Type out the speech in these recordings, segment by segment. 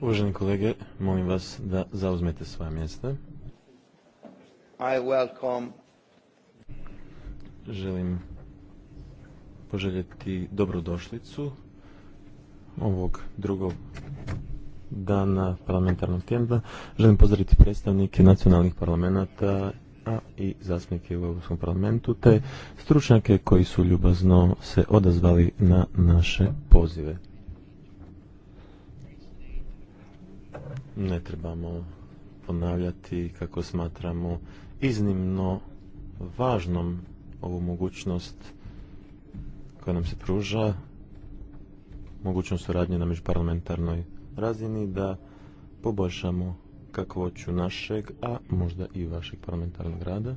Uvaženi kolege, molim vas da zauzmete svoje mjesta. I welcome. Želim poželjeti dobrodošlicu ovog drugog dana parlamentarnog tjedna. Želim pozdraviti predstavnike nacionalnih parlamenta a i zastupnike u Europskom parlamentu, te stručnjake koji su ljubazno se odazvali na naše pozive. Ne trebamo ponavljati kako smatramo iznimno važnom ovu mogućnost koja nam se pruža, mogućnost suradnje na međuparlamentarnoj razini da poboljšamo kakvoću našeg, a možda i vašeg parlamentarnog rada.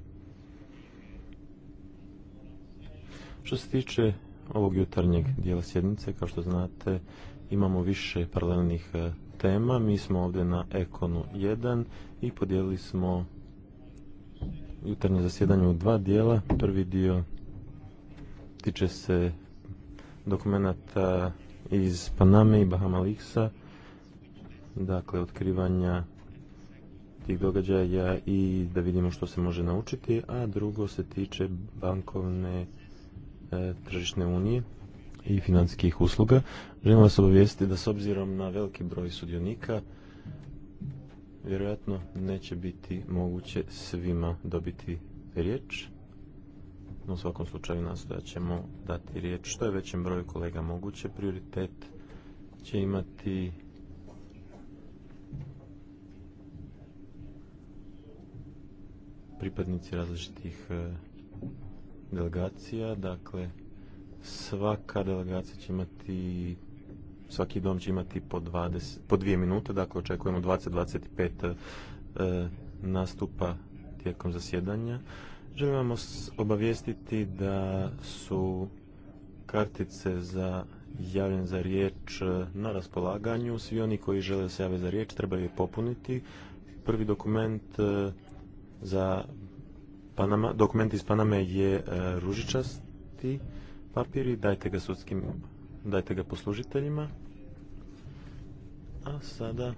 Što se tiče ovog jutarnjeg dijela sjednice, kao što znate, imamo više paralelnih e, tema. Mi smo ovdje na Ekonu 1 i podijelili smo jutarnje zasjedanje u dva dijela. Prvi dio tiče se dokumenata iz Paname i Bahama Liksa, dakle otkrivanja tih događaja i da vidimo što se može naučiti, a drugo se tiče bankovne e, tržišne unije i financijskih usluga. Želim vas obavijestiti da s obzirom na veliki broj sudionika vjerojatno neće biti moguće svima dobiti riječ. No, u svakom slučaju nastojat ćemo dati riječ što je većem broju kolega moguće. Prioritet će imati pripadnici različitih e, delegacija, dakle svaka delegacija će imati svaki dom će imati po, 20, po dvije minute, dakle očekujemo 20-25 e, nastupa tijekom zasjedanja. Želim vam obavijestiti da su kartice za javljen za riječ e, na raspolaganju. Svi oni koji žele se jave za riječ trebaju je popuniti. Prvi dokument e, za Panama, dokument iz Paname je e, ružičasti papiri, dajte ga sudskim, dajte ga poslužiteljima. A sada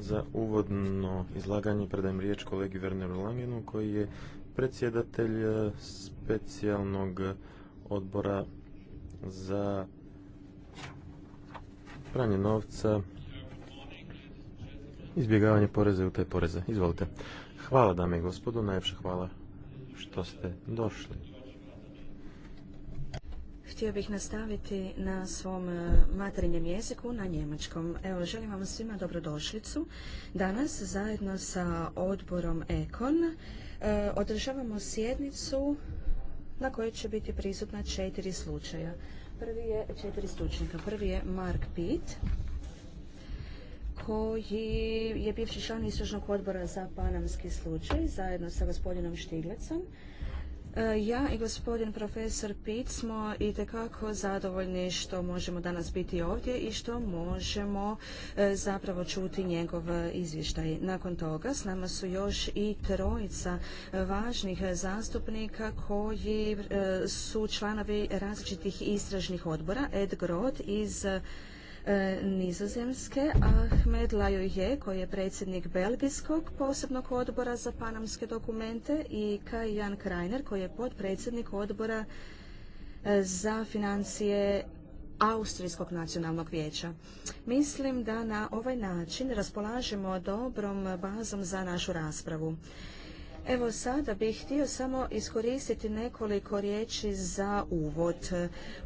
za uvodno izlaganje predajem riječ kolegi Werneru Langenu koji je predsjedatelj e, specijalnog odbora za pranje novca, izbjegavanje poreze u te poreze. Izvolite. Hvala dame i gospodu, najljepša hvala što ste došli. Htio bih nastaviti na svom e, materinjem jeziku, na njemačkom. Evo, želim vam svima dobrodošlicu. Danas, zajedno sa odborom Ekon, e, održavamo sjednicu na kojoj će biti prisutna četiri slučaja. Prvi je četiri Prvi je Mark Pitt, koji je bivši član istražnog odbora za panamski slučaj zajedno sa gospodinom Štiglecom. E, ja i gospodin profesor Pitt smo i tekako zadovoljni što možemo danas biti ovdje i što možemo e, zapravo čuti njegov izvještaj. Nakon toga s nama su još i trojica važnih zastupnika koji e, su članovi različitih istražnih odbora. Ed iz E, Nizozemske, Ahmed Lajoje, koji je predsjednik Belgijskog posebnog odbora za panamske dokumente i Kai Jan Krajner, koji je podpredsjednik odbora e, za financije Austrijskog nacionalnog vijeća. Mislim da na ovaj način raspolažemo dobrom bazom za našu raspravu. Evo sada bih htio samo iskoristiti nekoliko riječi za uvod.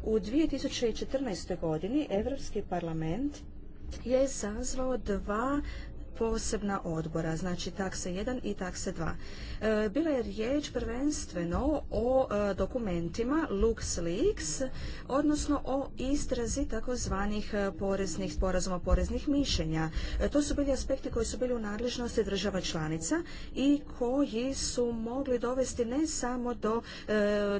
U 2014. godini Europski parlament je sazvao dva posebna odbora, znači takse 1 i takse 2. E, bila je riječ prvenstveno o e, dokumentima Leaks, odnosno o istrazi takozvanih e, poreznih sporazuma, poreznih mišljenja. To su bili aspekti koji su bili u nadležnosti država članica i koji su mogli dovesti ne samo do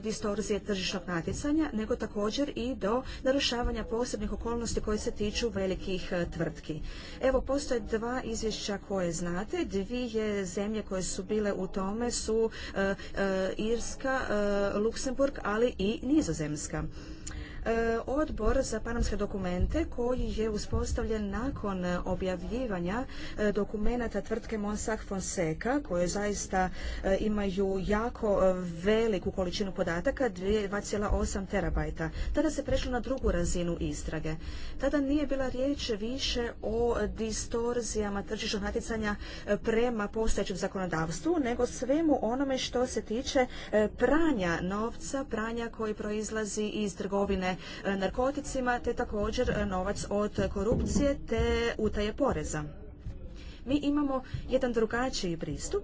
distorzije tržišnog natjecanja, nego također i do narušavanja posebnih okolnosti koje se tiču velikih tvrtki. Evo, postoje dva iz izvješća koje znate. Dvije zemlje koje su bile u tome su e, e, Irska, e, Luksemburg, ali i Nizozemska. E, odbor za panamske dokumente koji je uspostavljen nakon objavljivanja e, dokumenata tvrtke Monsak Fonseca koje zaista e, imaju jako veliku količinu podataka, 2,8 terabajta. Tada se prešlo na drugu razinu istrage. Tada nije bila riječ više o distorzijama tržišnog natjecanja prema postojećem zakonodavstvu, nego svemu onome što se tiče pranja novca, pranja koji proizlazi iz trgovine E, narkoticima te također e, novac od korupcije te utaje poreza. Mi imamo jedan drugačiji pristup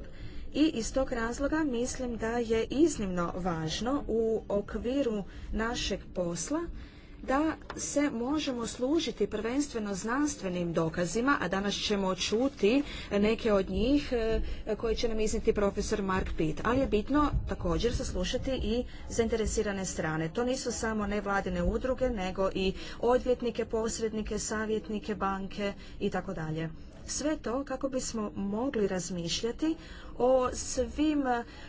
i iz tog razloga mislim da je iznimno važno u okviru našeg posla da se možemo služiti prvenstveno znanstvenim dokazima, a danas ćemo čuti neke od njih e, koje će nam izniti profesor Mark Pitt. Ali je bitno također saslušati i zainteresirane strane. To nisu samo nevladine udruge, nego i odvjetnike, posrednike, savjetnike, banke i tako dalje. Sve to kako bismo mogli razmišljati o svim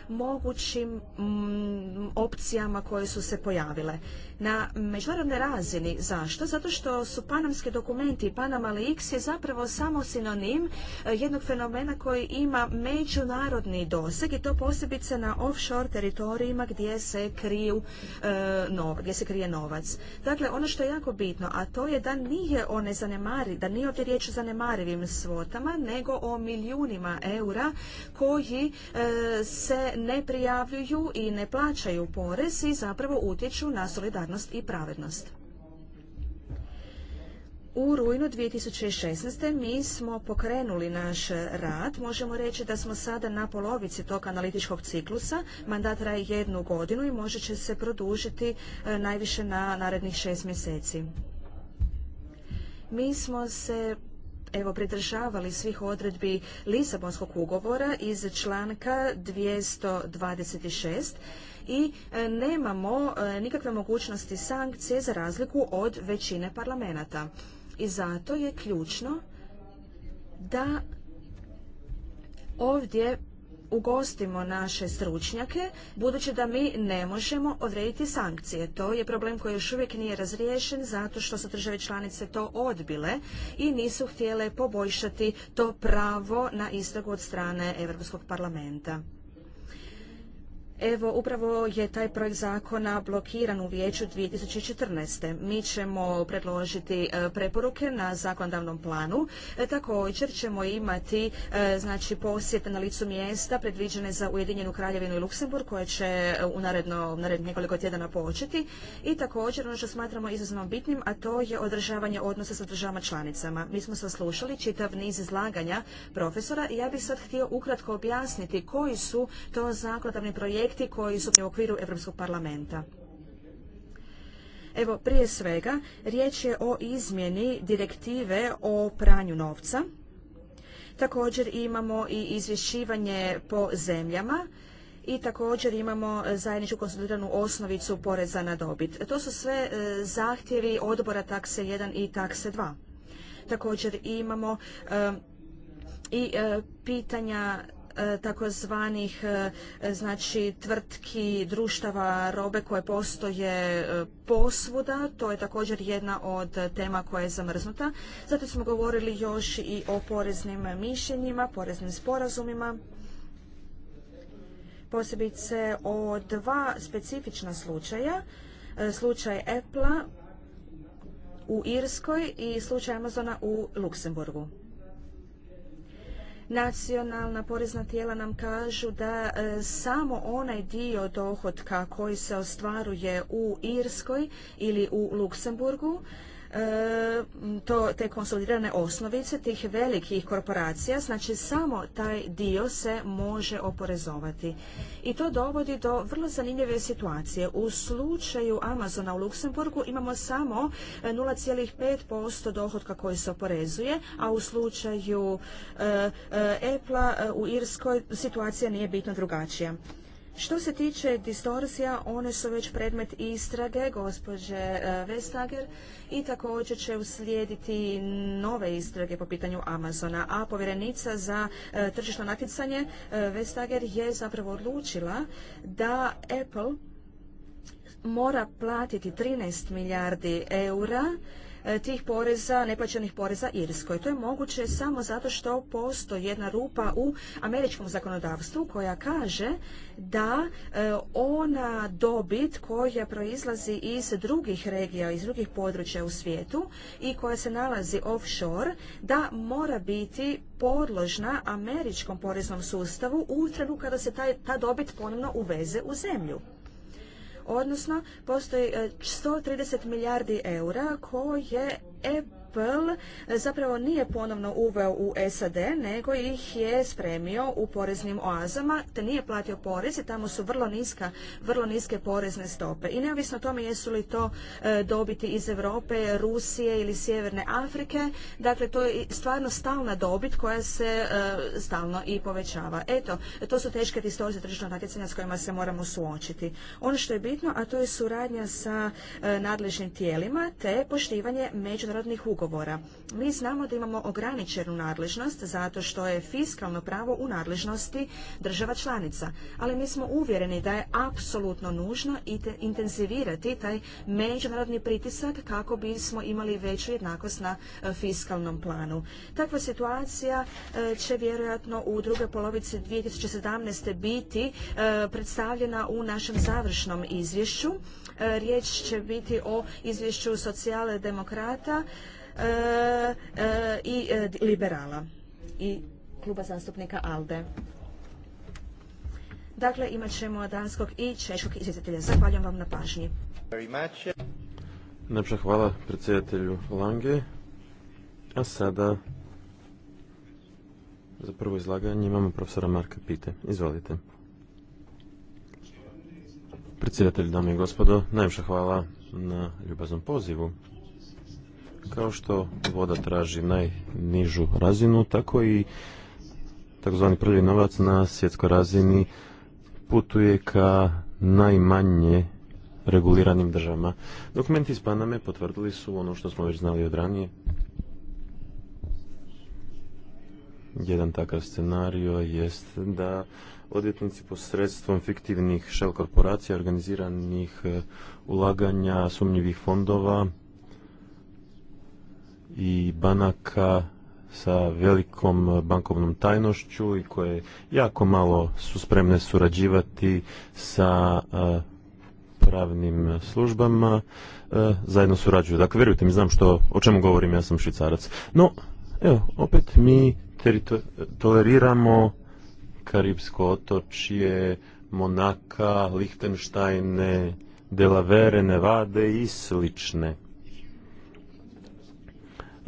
mogućim mm, opcijama koje su se pojavile. Na međunarodnoj razini, zašto? Zato što su panamski dokumenti i Panama Leaks je zapravo samo sinonim e, jednog fenomena koji ima međunarodni doseg i to posebice na offshore teritorijima gdje se kriju e, gdje se krije novac. Dakle, ono što je jako bitno, a to je da nije o zanemari, da nije ovdje riječ o zanemarivim svotama, nego o milijunima eura koji koji e, se ne prijavljuju i ne plaćaju porez i zapravo utječu na solidarnost i pravednost. U rujnu 2016. mi smo pokrenuli naš rad. Možemo reći da smo sada na polovici tog analitičkog ciklusa. Mandat traje jednu godinu i može će se produžiti e, najviše na narednih šest mjeseci. Mi smo se evo pridržavali svih odredbi Lisabonskog ugovora iz članka 226 i e, nemamo e, nikakve mogućnosti sankcije za razliku od većine parlamenata. I zato je ključno da ovdje ugostimo naše stručnjake, budući da mi ne možemo odrediti sankcije. To je problem koji još uvijek nije razriješen zato što su države članice to odbile i nisu htjele poboljšati to pravo na istragu od strane Europskog parlamenta. Evo, upravo je taj projekt zakona blokiran u vijeću 2014. Mi ćemo predložiti e, preporuke na zakonodavnom planu. E, također ćemo imati e, znači, posjet na licu mjesta predviđene za Ujedinjenu kraljevinu i Luksemburg koje će u naredno, naredno nekoliko tjedana početi. I također ono što smatramo izuzetno bitnim, a to je održavanje odnosa sa državama članicama. Mi smo saslušali čitav niz izlaganja profesora i ja bih sad htio ukratko objasniti koji su to zakonodavni projekti projekti koji su u okviru Europskog parlamenta. Evo, prije svega, riječ je o izmjeni direktive o pranju novca. Također imamo i izvješćivanje po zemljama i također imamo zajedničku konsolidiranu osnovicu poreza na dobit. To su sve e, zahtjevi odbora takse 1 i takse 2. Također imamo e, i e, pitanja E, takozvanih e, znači tvrtki, društava, robe koje postoje e, posvuda. To je također jedna od tema koja je zamrznuta. Zato smo govorili još i o poreznim mišljenjima, poreznim sporazumima posebice o dva specifična slučaja. Slučaj Apple u Irskoj i slučaj Amazona u Luksemburgu. Nacionalna porezna tijela nam kažu da e, samo onaj dio dohotka koji se ostvaruje u Irskoj ili u Luksemburgu E, to, te konsolidirane osnovice tih velikih korporacija, znači samo taj dio se može oporezovati. I to dovodi do vrlo zanimljive situacije. U slučaju Amazona u Luksemburgu imamo samo 0,5% dohodka koji se oporezuje, a u slučaju Epla e, u Irskoj situacija nije bitno drugačija. Što se tiče distorsija, one su već predmet istrage gospođe e, Vestager i također će uslijediti nove istrage po pitanju Amazona, a povjerenica za e, tržišno natjecanje e, Vestager je zapravo odlučila da Apple mora platiti 13 milijardi eura E, tih poreza, neplaćenih poreza Irskoj. To je moguće samo zato što postoji jedna rupa u američkom zakonodavstvu koja kaže da e, ona dobit koja proizlazi iz drugih regija, iz drugih područja u svijetu i koja se nalazi offshore, da mora biti podložna američkom poreznom sustavu u trenutku kada se ta dobit ponovno uveze u zemlju odnosno postoji 130 e, milijardi eura koje Apple zapravo nije ponovno uveo u SAD, nego ih je spremio u poreznim oazama, te nije platio porez i tamo su vrlo niska, vrlo niske porezne stope. I neovisno o tome jesu li to e, dobiti iz Europe, Rusije ili Sjeverne Afrike, dakle to je stvarno stalna dobit koja se e, stalno i povećava. Eto, to su teške istorije tržišnog natjecanja s kojima se moramo suočiti. Ono što je bitno, a to je suradnja sa e, nadležnim tijelima, te poštivanje međunarodnih ugovora ugovora. Mi znamo da imamo ograničenu nadležnost zato što je fiskalno pravo u nadležnosti država članica, ali mi smo uvjereni da je apsolutno nužno intenzivirati taj međunarodni pritisak kako bismo imali veću jednakost na e, fiskalnom planu. Takva situacija e, će vjerojatno u drugoj polovici 2017. biti e, predstavljena u našem završnom izvješću. Riječ će biti o izvješću socijale demokrata E, e, i e, liberala i kluba zastupnika ALDE. Dakle, imat ćemo danskog i češkog izvjetitelja. Zahvaljujem vam na pažnji. Najpša hvala predsjedatelju Lange. A sada za prvo izlaganje imamo profesora Marka Pite. Izvolite. Predsjedatelj, dame i gospodo, najviše hvala na ljubaznom pozivu kao što voda traži najnižu razinu, tako i takozvani prvi novac na svjetskoj razini putuje ka najmanje reguliranim državama. Dokumenti iz Paname potvrdili su ono što smo već znali od ranije. Jedan takav scenario jest da odvjetnici posredstvom fiktivnih shell korporacija, organiziranih eh, ulaganja, sumnjivih fondova i banaka sa velikom bankovnom tajnošću i koje jako malo su spremne surađivati sa e, pravnim službama e, zajedno surađuju. Dakle, vjerujte mi, znam što, o čemu govorim, ja sam švicarac. No, evo, opet mi toleriramo Karibsko otočje, Monaka, Lichtenštajne, Delavere, Nevade i slične.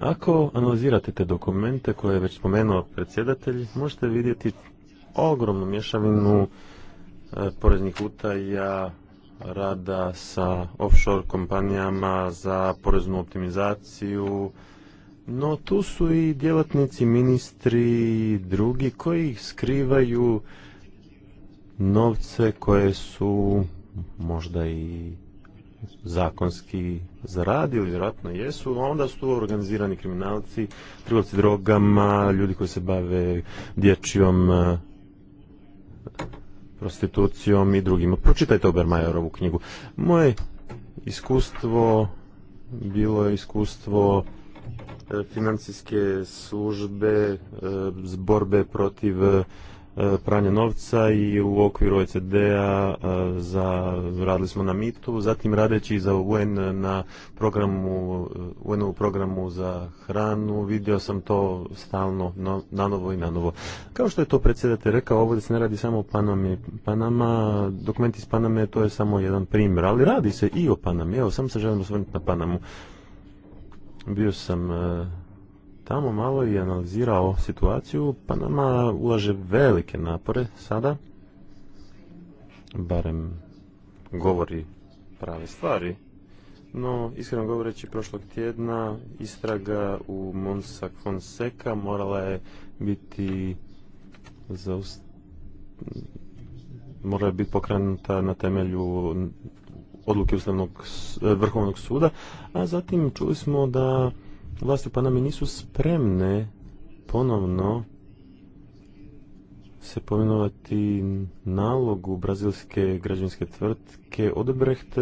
Ako analizirate te dokumente koje je već spomenuo predsjedatelj, možete vidjeti ogromnu mješavinu e, poreznih utaja, rada sa offshore kompanijama za poreznu optimizaciju, no tu su i djelatnici, ministri i drugi koji skrivaju novce koje su možda i zakonski zaradili, vjerojatno jesu, onda su tu organizirani kriminalci, trgovci drogama, ljudi koji se bave dječjom e, prostitucijom i drugima. Pročitajte Obermajerovu knjigu. Moje iskustvo bilo je iskustvo e, financijske službe zborbe e, protiv E, pranja novca i u okviru OECD-a e, za, radili smo na mitu, zatim radeći za UN na programu, e, UN programu za hranu, vidio sam to stalno nanovo na novo i na novo. Kao što je to predsjedatelj rekao, ovdje se ne radi samo o Panami. Panama, dokumenti iz Paname to je samo jedan primjer, ali radi se i o Panami. Evo, sam se želim osvrnuti na Panamu. Bio sam tamo malo i analizirao situaciju. Panama ulaže velike napore sada, barem govori prave stvari. No, iskreno govoreći, prošlog tjedna istraga u Monsak Fonseca morala je biti za... morala je biti pokrenuta na temelju odluke Ustavnog vrhovnog suda, a zatim čuli smo da vlasti u Panami nisu spremne ponovno se pomenovati nalogu brazilske građevinske tvrtke Odebrecht,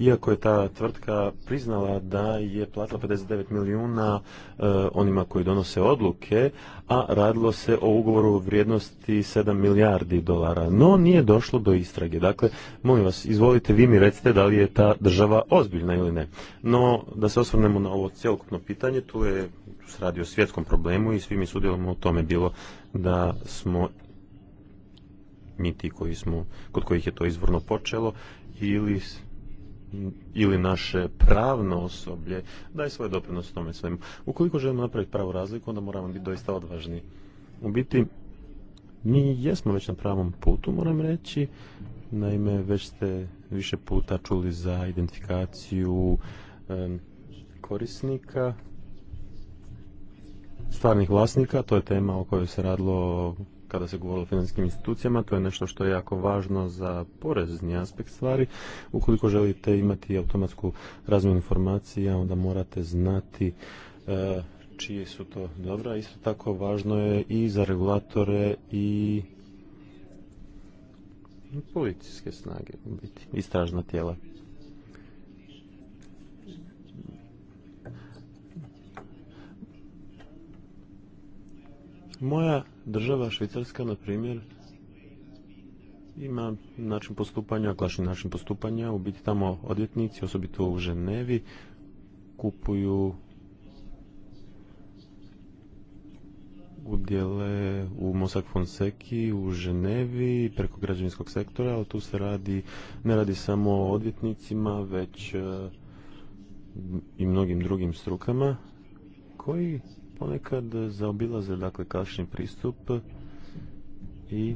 iako je ta tvrtka priznala da je platila 59 milijuna eh, onima koji donose odluke, a radilo se o ugovoru vrijednosti 7 milijardi dolara. No, nije došlo do istrage. Dakle, molim vas, izvolite, vi mi recite da li je ta država ozbiljna ili ne. No, da se osvrnemo na ovo cjelokupno pitanje, tu je tu radi o svjetskom problemu i svi mi sudjelujemo u tome bilo da smo mi ti koji smo, kod kojih je to izvorno počelo ili ili naše pravno osoblje daje svoje doprinos tome svemu. Ukoliko želimo napraviti pravu razliku, onda moramo biti doista odvažni. U biti, mi jesmo već na pravom putu, moram reći. Naime, već ste više puta čuli za identifikaciju korisnika, stvarnih vlasnika. To je tema o kojoj se radilo kada se govorilo o financijskim institucijama, to je nešto što je jako važno za porezni aspekt stvari. Ukoliko želite imati automatsku razmjenu informacija, onda morate znati e, čije su to dobra. Isto tako važno je i za regulatore i policijske snage, biti, istražna tijela. Moja država, Švicarska, na primjer, ima način postupanja, glašni način postupanja. U biti tamo odvjetnici, osobito u Ženevi, kupuju udjele u Mosak Fonseki u Ženevi preko građevinskog sektora, ali tu se radi, ne radi samo o odvjetnicima, već e, i mnogim drugim strukama koji ponekad zaobilaze dakle kašni pristup i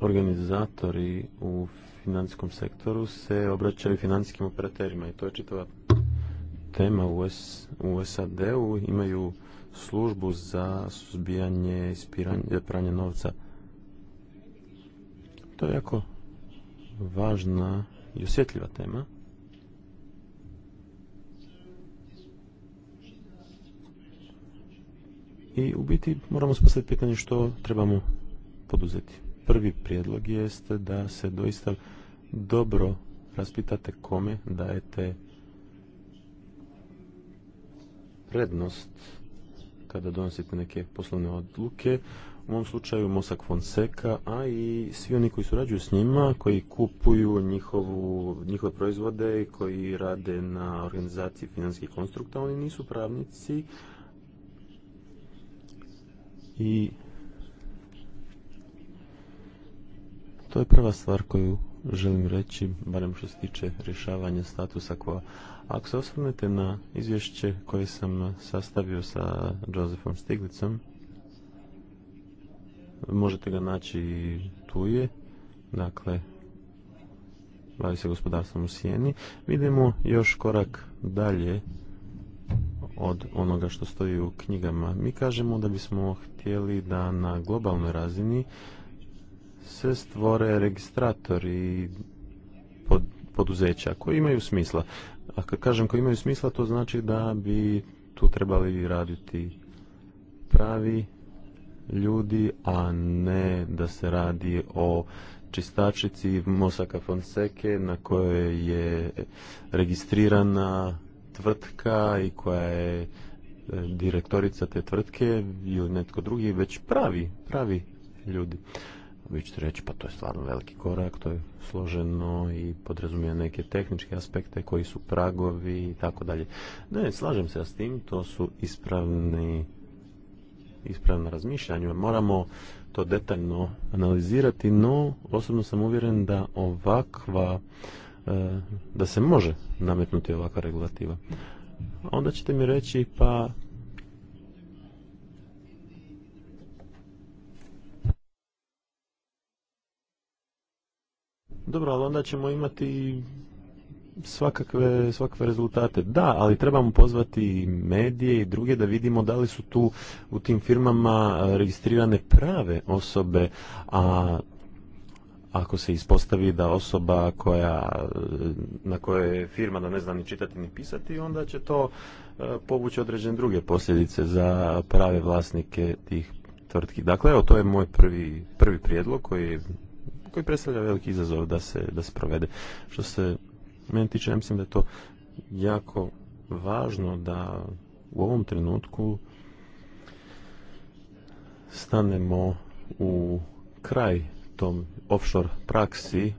organizatori u financijskom sektoru se obraćaju financijskim operaterima i to je čitava tema u, SAD-u. Imaju službu za suzbijanje i pranje novca. To je jako važna i osjetljiva tema. I u biti moramo postaviti pitanje što trebamo poduzeti. Prvi prijedlog jeste da se doista dobro raspitate kome dajete prednost kada donosite neke poslovne odluke. U ovom slučaju Mosak Fonseca, a i svi oni koji surađuju s njima, koji kupuju njihovu, njihove proizvode i koji rade na organizaciji financijskih konstrukta, oni nisu pravnici, i to je prva stvar koju želim reći, barem što se tiče rješavanja statusa quo. Ako se osvrnete na izvješće koje sam sastavio sa Josefom Stiglicom, možete ga naći i tu je, dakle, bavi se gospodarstvom u Sijeni, vidimo još korak dalje od onoga što stoji u knjigama. Mi kažemo da bismo htjeli da na globalnoj razini se stvore registratori poduzeća koji imaju smisla. A kad kažem koji imaju smisla, to znači da bi tu trebali raditi pravi ljudi, a ne da se radi o čistačici Mosaka Fonseke na kojoj je registrirana tvrtka i koja je E, direktorica te tvrtke ili netko drugi, već pravi, pravi ljudi. Vi ćete reći, pa to je stvarno veliki korak, to je složeno i podrazumije neke tehničke aspekte koji su pragovi i tako dalje. Ne, slažem se s tim, to su ispravni ispravna razmišljanja. Moramo to detaljno analizirati, no osobno sam uvjeren da ovakva e, da se može nametnuti ovakva regulativa onda ćete mi reći pa Dobro, ali onda ćemo imati svakakve, svakakve rezultate. Da, ali trebamo pozvati medije i druge da vidimo da li su tu u tim firmama registrirane prave osobe, a ako se ispostavi da osoba koja, na koje je firma da ne zna ni čitati ni pisati, onda će to e, povući određene druge posljedice za prave vlasnike tih tvrtki. Dakle, evo, to je moj prvi, prvi prijedlog koji, koji predstavlja veliki izazov da se, da se provede. Što se meni tiče, mislim da je to jako važno da u ovom trenutku stanemo u kraj tom offshore praksi,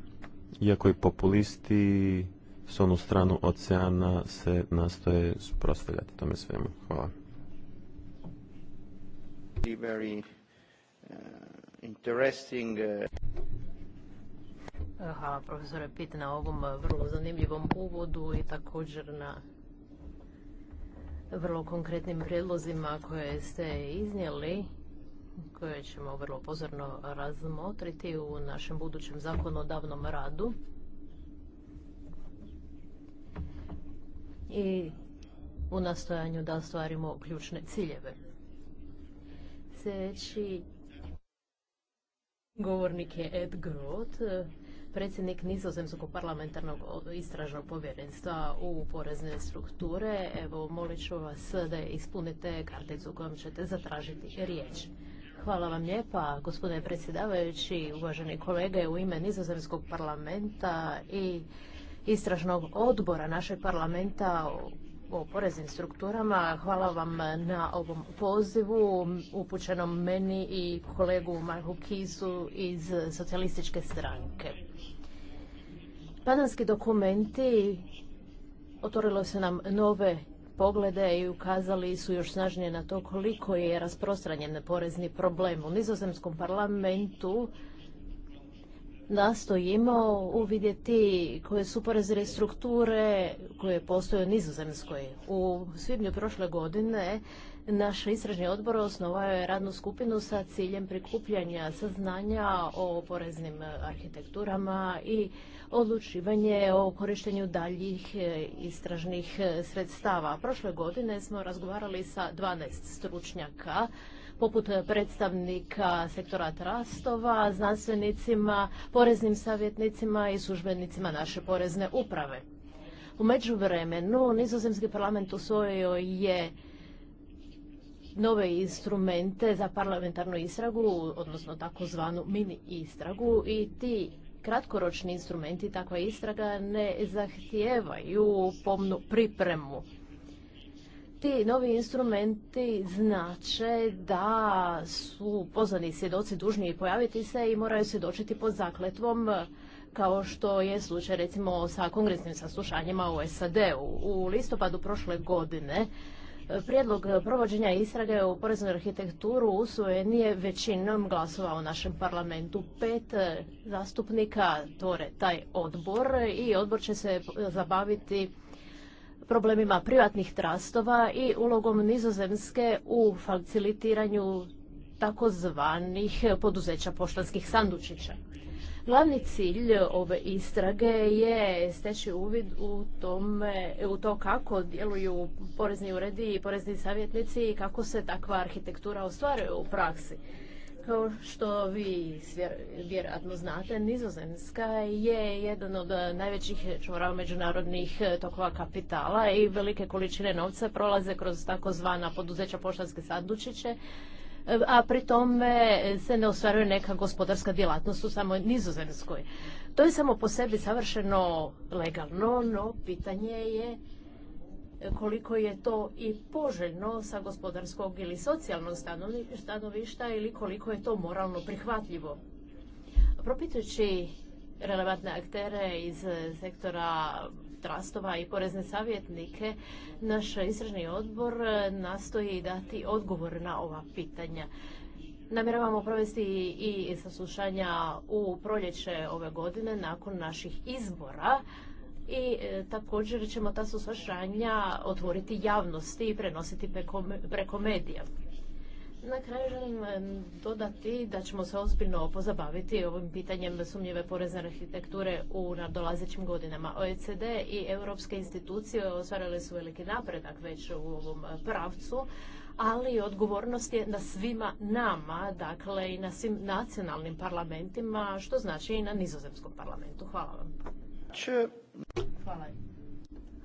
iako i populisti s onu stranu oceana se nastoje suprotstavljati tome svemu. Hvala. Uh, uh, Hvala profesore Pit na ovom uh, vrlo zanimljivom uvodu i također na vrlo konkretnim prijedlozima koje ste iznijeli koje ćemo vrlo pozorno razmotriti u našem budućem zakonodavnom radu. I u nastojanju da ostvarimo ključne ciljeve. Sljedeći govornik je Ed Groth, predsjednik Nizozemskog parlamentarnog istražnog povjerenstva u porezne strukture. Evo, molit ću vas da ispunite karticu kojom ćete zatražiti riječ. Hvala vam lijepa, gospodine predsjedavajući, uvaženi kolege, u ime Nizozemskog parlamenta i istražnog odbora našeg parlamenta o poreznim strukturama. Hvala vam na ovom pozivu upućenom meni i kolegu Marhu Kisu iz socijalističke stranke. Padanski dokumenti otvorilo se nam nove poglede i ukazali su još snažnije na to koliko je rasprostranjen porezni problem. U nizozemskom parlamentu nastojimo uvidjeti koje su porezne strukture koje postoje u nizozemskoj. U svibnju prošle godine naš istražni odbor osnovao je radnu skupinu sa ciljem prikupljanja saznanja o poreznim arhitekturama i odlučivanje o korištenju daljih e, istražnih e, sredstava. Prošle godine smo razgovarali sa 12 stručnjaka poput predstavnika sektora trastova, znanstvenicima, poreznim savjetnicima i službenicima naše porezne uprave. U međuvremenu nizozemski parlament usvojio je nove instrumente za parlamentarnu istragu, odnosno takozvanu mini istragu i ti kratkoročni instrumenti takva istraga ne zahtijevaju pomnu pripremu. Ti novi instrumenti znače da su pozvani svjedoci dužni pojaviti se i moraju svjedočiti pod zakletvom kao što je slučaj recimo sa kongresnim saslušanjima u SAD-u. U listopadu prošle godine Prijedlog provođenja istrage u poreznu arhitekturu usvojen je većinom glasova u našem parlamentu. Pet zastupnika tore taj odbor i odbor će se zabaviti problemima privatnih trastova i ulogom nizozemske u facilitiranju takozvanih poduzeća poštanskih sandučića. Glavni cilj ove istrage je steći uvid u, tome, u to kako djeluju porezni uredi i porezni savjetnici i kako se takva arhitektura ostvaruje u praksi. Kao što vi vjerojatno znate, Nizozemska je jedan od najvećih čvora međunarodnih tokova kapitala i velike količine novca prolaze kroz takozvana poduzeća poštanske sandučiće a pri tome se ne ostvaruje neka gospodarska djelatnost u samoj Nizozemskoj. To je samo po sebi savršeno legalno, no pitanje je koliko je to i poželjno sa gospodarskog ili socijalnog stanovišta ili koliko je to moralno prihvatljivo. Propitujući relevantne aktere iz sektora trastova i porezne savjetnike, naš istražni odbor e, nastoji dati odgovor na ova pitanja. Namjeravamo provesti i saslušanja u proljeće ove godine nakon naših izbora i e, također ćemo ta saslušanja otvoriti javnosti i prenositi preko medija. Na kraju želim dodati da ćemo se ozbiljno pozabaviti ovim pitanjem sumnjive porezne arhitekture u nadolazećim godinama. OECD i europske institucije ostvarile su veliki napredak već u ovom e, pravcu, ali odgovornost je na svima nama, dakle i na svim nacionalnim parlamentima, što znači i na nizozemskom parlamentu. Hvala vam. Hvala.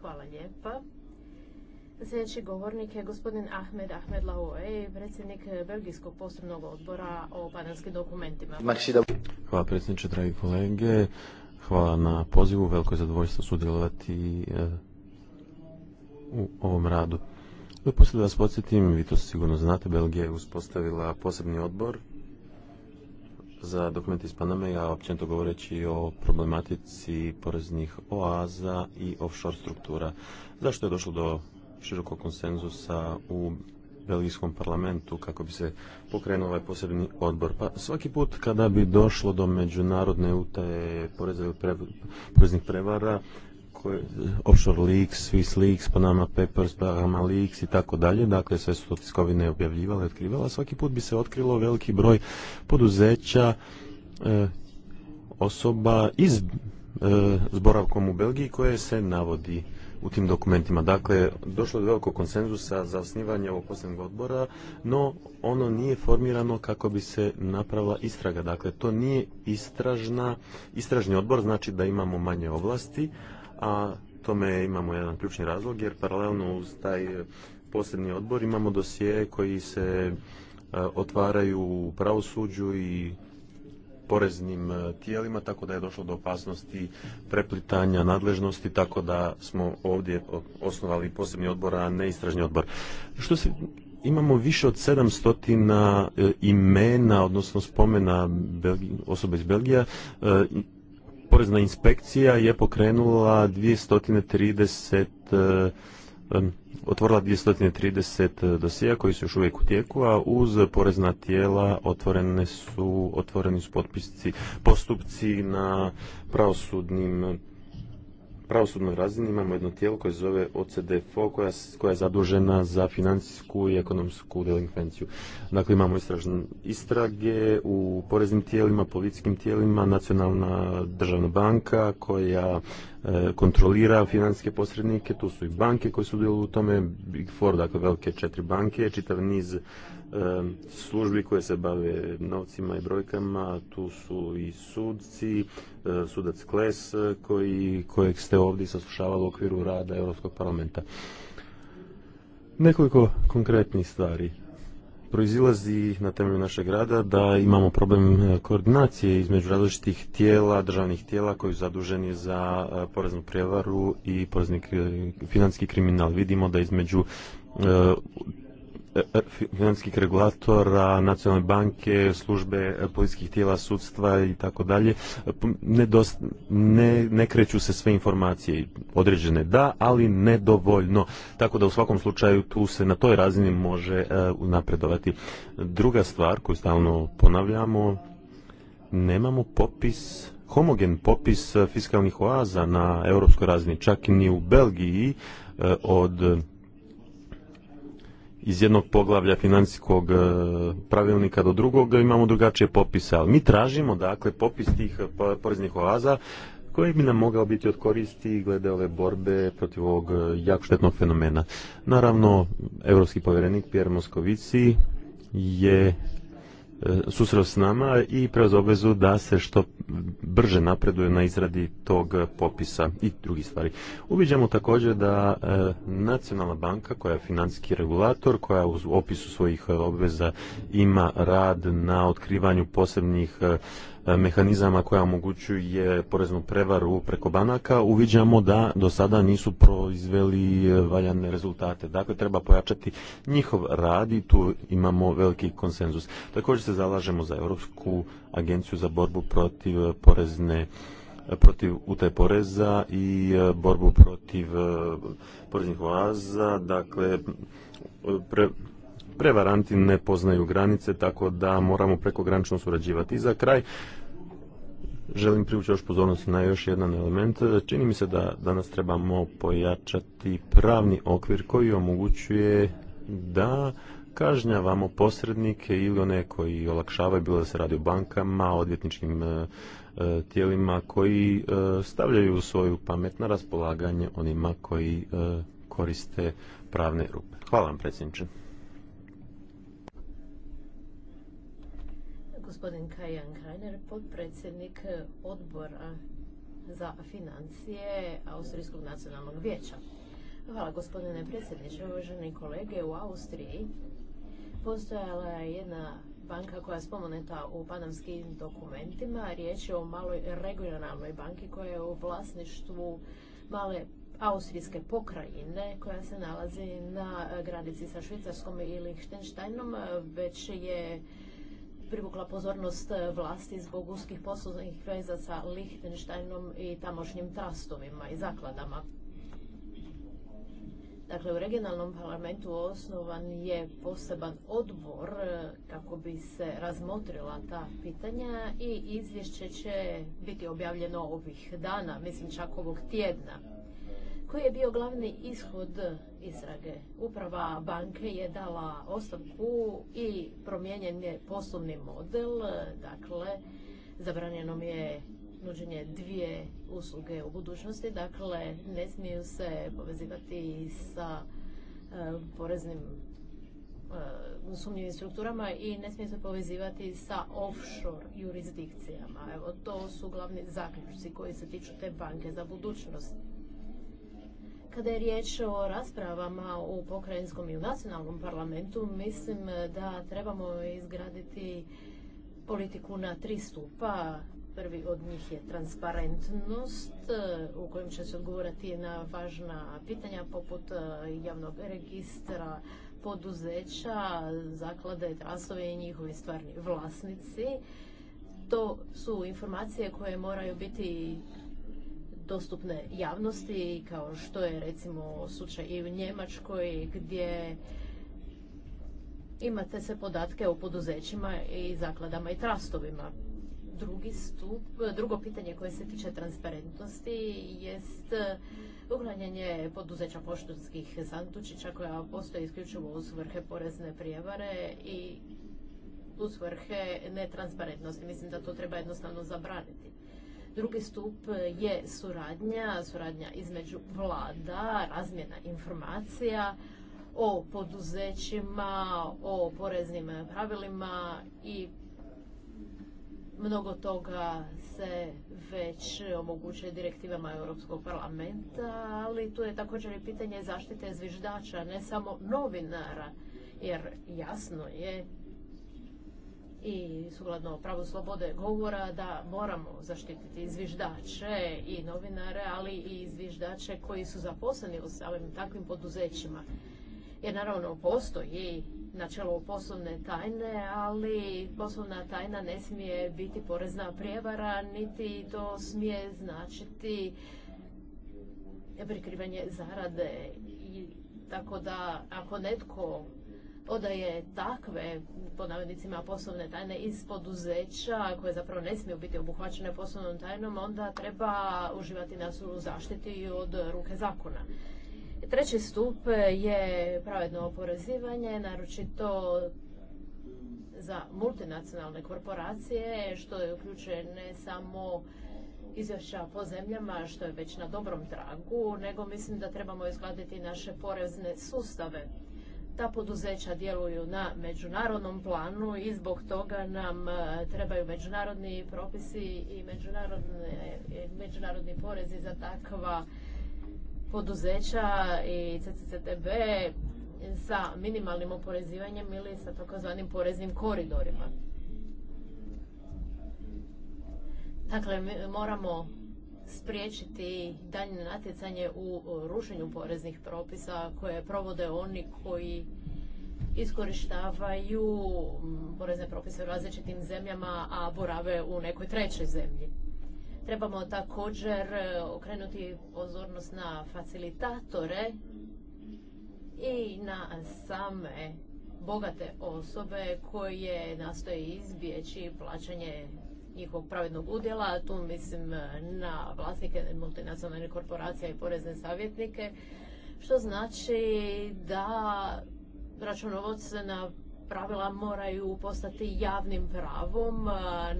Hvala lijepa. Sljedeći govornik je gospodin Ahmed Ahmed Laoe, predsjednik Belgijskog posebnog odbora o pananskim dokumentima. Hvala predsjedniče, dragi kolege. Hvala na pozivu. Veliko je zadovoljstvo sudjelovati e, u ovom radu. Dopustite da vas podsjetim, vi to sigurno znate, Belgija je uspostavila posebni odbor za dokumente iz Paname, ja općenito govoreći o problematici poreznih oaza i offshore struktura. Zašto je došlo do širokog konsenzusa u belgijskom parlamentu kako bi se pokrenuo ovaj posebni odbor. Pa svaki put kada bi došlo do međunarodne utaje poreza poreznih prevara, koje, offshore leaks, Swiss leaks, Panama Papers, Panama leaks i tako dalje, dakle sve su to tiskovine objavljivale, otkrivala, svaki put bi se otkrilo veliki broj poduzeća, e, osoba iz zboravkom e, u Belgiji koje se navodi u tim dokumentima. Dakle, došlo je do velikog konsenzusa za osnivanje ovog posebnog odbora, no ono nije formirano kako bi se napravila istraga. Dakle, to nije istražna, istražni odbor, znači da imamo manje ovlasti, a tome imamo jedan ključni razlog, jer paralelno uz taj posebni odbor imamo dosije koji se e, otvaraju u pravosuđu i poreznim e, tijelima, tako da je došlo do opasnosti preplitanja nadležnosti, tako da smo ovdje osnovali posebni odbor, a ne istražni odbor. Što se imamo više od 700 e, imena, odnosno spomena osobe iz Belgija. E, porezna inspekcija je pokrenula 230 otvorila 230 eh, dosija koji su još uvijek u tijeku, a uz porezna tijela otvorene su, otvoreni su potpisci, postupci na pravosudnim pravosudnoj razini imamo jedno tijelo koje se zove OCDFO koja, koja je zadužena za financijsku i ekonomsku delinkvenciju. Dakle, imamo istražne istrage u poreznim tijelima, policijskim tijelima, nacionalna državna banka koja e, kontrolira financijske posrednike, tu su i banke koje su u tome, Big Four, dakle velike četiri banke, čitav niz službi koje se bave novcima i brojkama, tu su i sudci, e, sudac Kles e, koji, kojeg ste ovdje saslušavali u okviru rada Europskog parlamenta. Nekoliko konkretnih stvari. Proizilazi na temelju našeg rada da imamo problem e, koordinacije između različitih tijela, državnih tijela koji su zaduženi za poreznu prijevaru i porezni financijski kriminal. Vidimo da između E, e, financijskih regulatora, nacionalne banke, službe policijskih tijela, sudstva i tako dalje, ne kreću se sve informacije određene da, ali nedovoljno. Tako da u svakom slučaju tu se na toj razini može e, napredovati. Druga stvar koju stalno ponavljamo, nemamo popis homogen popis fiskalnih oaza na europskoj razini, čak ni u Belgiji od iz jednog poglavlja financijskog e, pravilnika do drugog imamo drugačije popise, ali mi tražimo dakle popis tih e, poreznih oaza koji bi nam mogao biti od koristi glede ove borbe protiv ovog e, jako štetnog fenomena. Naravno, europski povjerenik Pierre Moskovici je susreo s nama i prez obvezu da se što brže napreduje na izradi tog popisa i drugih stvari. Uviđamo također da e, Nacionalna banka koja je financijski regulator, koja u opisu svojih obveza ima rad na otkrivanju posebnih e, E, mehanizama koja omogućuje poreznu prevaru preko banaka, uviđamo da do sada nisu proizveli e, valjane rezultate. Dakle, treba pojačati njihov rad i tu imamo veliki konsenzus. Također se zalažemo za Europsku agenciju za borbu protiv e, porezne protiv utaje poreza i borbu protiv poreznih oaza, dakle prevaranti ne poznaju granice, tako da moramo prekogranično surađivati. I za kraj, želim privući još pozornost na još jedan element. Čini mi se da danas trebamo pojačati pravni okvir koji omogućuje da kažnjavamo posrednike ili one koji olakšavaju, bilo da se radi o bankama, odvjetničkim e, e, tijelima koji e, stavljaju svoju pamet na raspolaganje onima koji koriste pravne rupe. Hvala vam predsjedniče. gospodin Kajan Krajner, podpredsjednik e, odbora za financije Austrijskog nacionalnog vijeća. Hvala gospodine predsjedniče, uvaženi kolege u Austriji. Postojala je jedna banka koja je spomenuta u panamskim dokumentima. Riječ je o maloj regionalnoj banki koja je u vlasništvu male austrijske pokrajine koja se nalazi na granici sa Švicarskom ili Lichtensteinom, već je privukla pozornost e, vlasti zbog uskih poslovnih veza sa Lichtensteinom i tamošnjim trastovima i zakladama. Dakle, u regionalnom parlamentu osnovan je poseban odbor e, kako bi se razmotrila ta pitanja i izvješće će biti objavljeno ovih dana, mislim čak ovog tjedna. Koji je bio glavni ishod izrage Uprava banke je dala ostavku i promijenjen je poslovni model, dakle zabranjeno mi je nuđenje dvije usluge u budućnosti, dakle ne smiju se povezivati sa e, poreznim e, sumnjivim strukturama i ne smije se povezivati sa offshore jurisdikcijama. Evo, to su glavni zaključci koji se tiču te banke za budućnost. Kada je riječ o raspravama u pokrajinskom i u nacionalnom parlamentu, mislim eh, da trebamo izgraditi politiku na tri stupa. Prvi od njih je transparentnost eh, u kojem će se odgovorati na važna pitanja poput eh, javnog registra poduzeća, zaklade, trasove i njihovi stvarni vlasnici. To su informacije koje moraju biti dostupne javnosti, kao što je recimo slučaj i u Njemačkoj gdje imate se podatke o poduzećima i zakladama i trastovima. Drugi stup, drugo pitanje koje se tiče transparentnosti jest uklanjanje poduzeća poštanskih sandučića koja postoje isključivo u svrhe porezne prijevare i u svrhe netransparentnosti. Mislim da to treba jednostavno zabraniti. Drugi stup je suradnja, suradnja između vlada, razmjena informacija o poduzećima, o poreznim pravilima i mnogo toga se već omogućuje direktivama Europskog parlamenta, ali tu je također i pitanje zaštite zviždača, ne samo novinara, jer jasno je i sukladno pravo slobode govora da moramo zaštititi zviždače i novinare, ali i zviždače koji su zaposleni u samim takvim poduzećima. Jer naravno postoji načelo poslovne tajne, ali poslovna tajna ne smije biti porezna prijevara, niti to smije značiti prikrivanje zarade. I, tako da ako netko odaje takve, po navodnicima, poslovne tajne iz poduzeća koje zapravo ne smiju biti obuhvaćene poslovnom tajnom, onda treba uživati u zaštiti od ruke zakona. Treći stup je pravedno oporezivanje, naročito za multinacionalne korporacije, što je uključuje ne samo izvješća po zemljama, što je već na dobrom tragu, nego mislim da trebamo izgledati naše porezne sustave ta poduzeća djeluju na međunarodnom planu i zbog toga nam e, trebaju međunarodni propisi i e, međunarodni porezi za takva poduzeća i CCCTB sa minimalnim oporezivanjem ili sa takozvanim poreznim koridorima. Dakle, moramo spriječiti daljne natjecanje u rušenju poreznih propisa koje provode oni koji iskorištavaju mm, porezne propise u različitim zemljama, a borave u nekoj trećoj zemlji. Trebamo također e, okrenuti pozornost na facilitatore i na same bogate osobe koje nastoje izbjeći plaćanje njihovog pravednog udjela, tu mislim e, na vlasnike multinacionalne korporacije i porezne savjetnike, što znači da računovodstvena pravila moraju postati javnim pravom,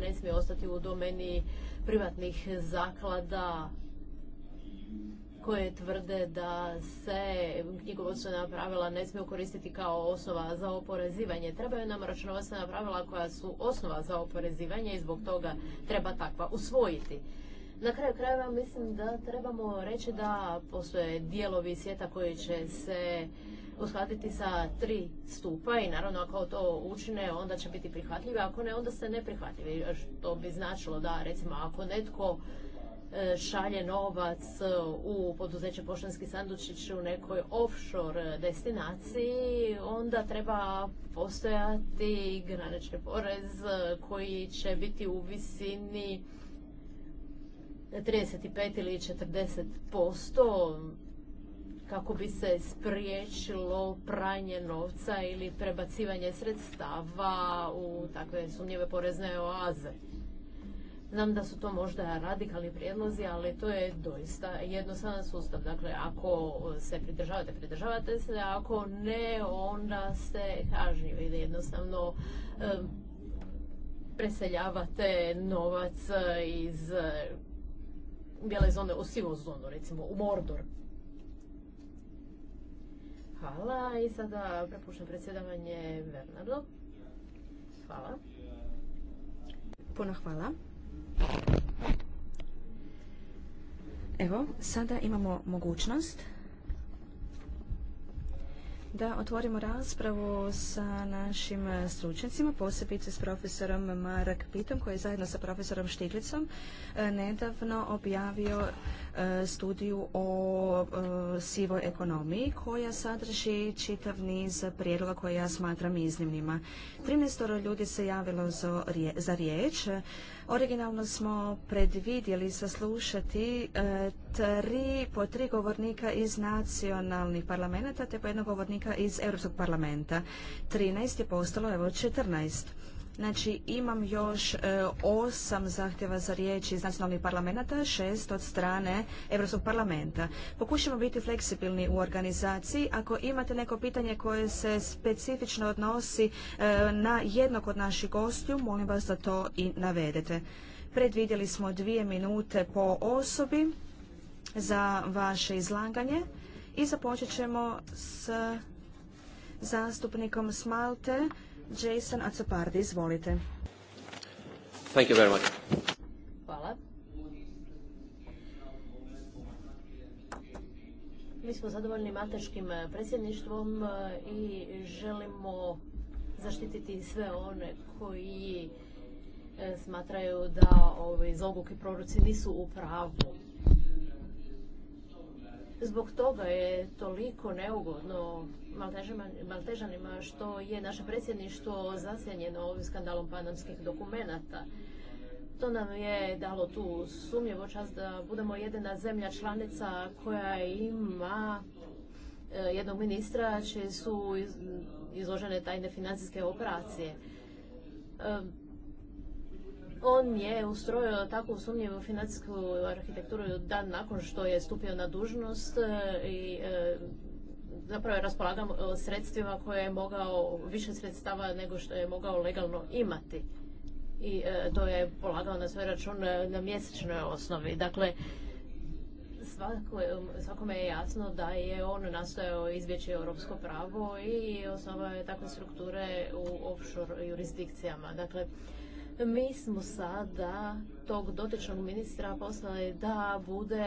ne smije ostati u domeni privatnih zaklada koje tvrde da se knjigovodstvena pravila ne smiju koristiti kao osnova za oporezivanje. Trebaju nam računovodstvena pravila koja su osnova za oporezivanje i zbog toga treba takva usvojiti. Na kraju krajeva mislim da trebamo reći da postoje dijelovi svijeta koji će se uskladiti sa tri stupa i naravno ako to učine onda će biti prihvatljivi, ako ne onda se neprihvatljivi. Što bi značilo da recimo ako netko E, šalje novac e, u poduzeće Poštanski sandučić u nekoj offshore e, destinaciji, onda treba postojati granični porez koji će biti u visini 35 ili 40% kako bi se spriječilo pranje novca ili prebacivanje sredstava u takve sumnjive porezne oaze. Znam da su to možda radikalni prijedlozi, ali to je doista jednostavan sustav. Dakle, ako se pridržavate, pridržavate se, ako ne, onda ste kažni ili jednostavno preseljavate novac e, iz e, bijele zone u sivu zonu, recimo u Mordor. Hvala i sada prepuštam predsjedavanje Bernardo. Hvala. Puno hvala. Evo, sada imamo mogućnost da otvorimo raspravu sa našim stručnjacima, posebice s profesorom Marak Pitom, koji je zajedno sa profesorom Štiglicom eh, nedavno objavio E, studiju o e, sivoj ekonomiji koja sadrži čitav niz prijedloga koje ja smatram iznimnima. 13 ljudi se javilo za riječ. Originalno smo predvidjeli saslušati e, tri po tri govornika iz nacionalnih parlamenta te po jednog govornika iz Europskog parlamenta. 13 je postalo evo 14. Znači imam još e, osam zahtjeva za riječ iz nacionalnih parlamenta, šest od strane Europskog parlamenta. Pokušamo biti fleksibilni u organizaciji. Ako imate neko pitanje koje se specifično odnosi e, na jednog od naših gostiju, molim vas da to i navedete. Predvidjeli smo dvije minute po osobi za vaše izlaganje i započet ćemo s zastupnikom Smalte Jason Azzopardi, izvolite. Thank you very much. Hvala. Mi smo zadovoljni mateškim eh, predsjedništvom eh, i želimo zaštititi sve one koji eh, smatraju da ovi zloguki proroci nisu u pravu. Zbog toga je toliko neugodno Maltežanima što je naše predsjedništvo zasjenjeno ovim skandalom panamskih dokumenata. To nam je dalo tu sumnjivo čast da budemo jedina zemlja članica koja ima e, jednog ministra čije su izložene tajne financijske operacije. E, on je ustrojio takvu sumnjivu financijsku arhitekturu dan nakon što je stupio na dužnost e, i zapravo je raspolagao e, sredstvima koje je mogao, više sredstava nego što je mogao legalno imati. I e, to je polagao na svoj račun e, na mjesečnoj osnovi. Dakle, svakome je jasno da je on nastojao izbjeći europsko pravo i osnovao je takve strukture u offshore jurisdikcijama. Dakle, mi smo sada tog dotičnog ministra poslali da bude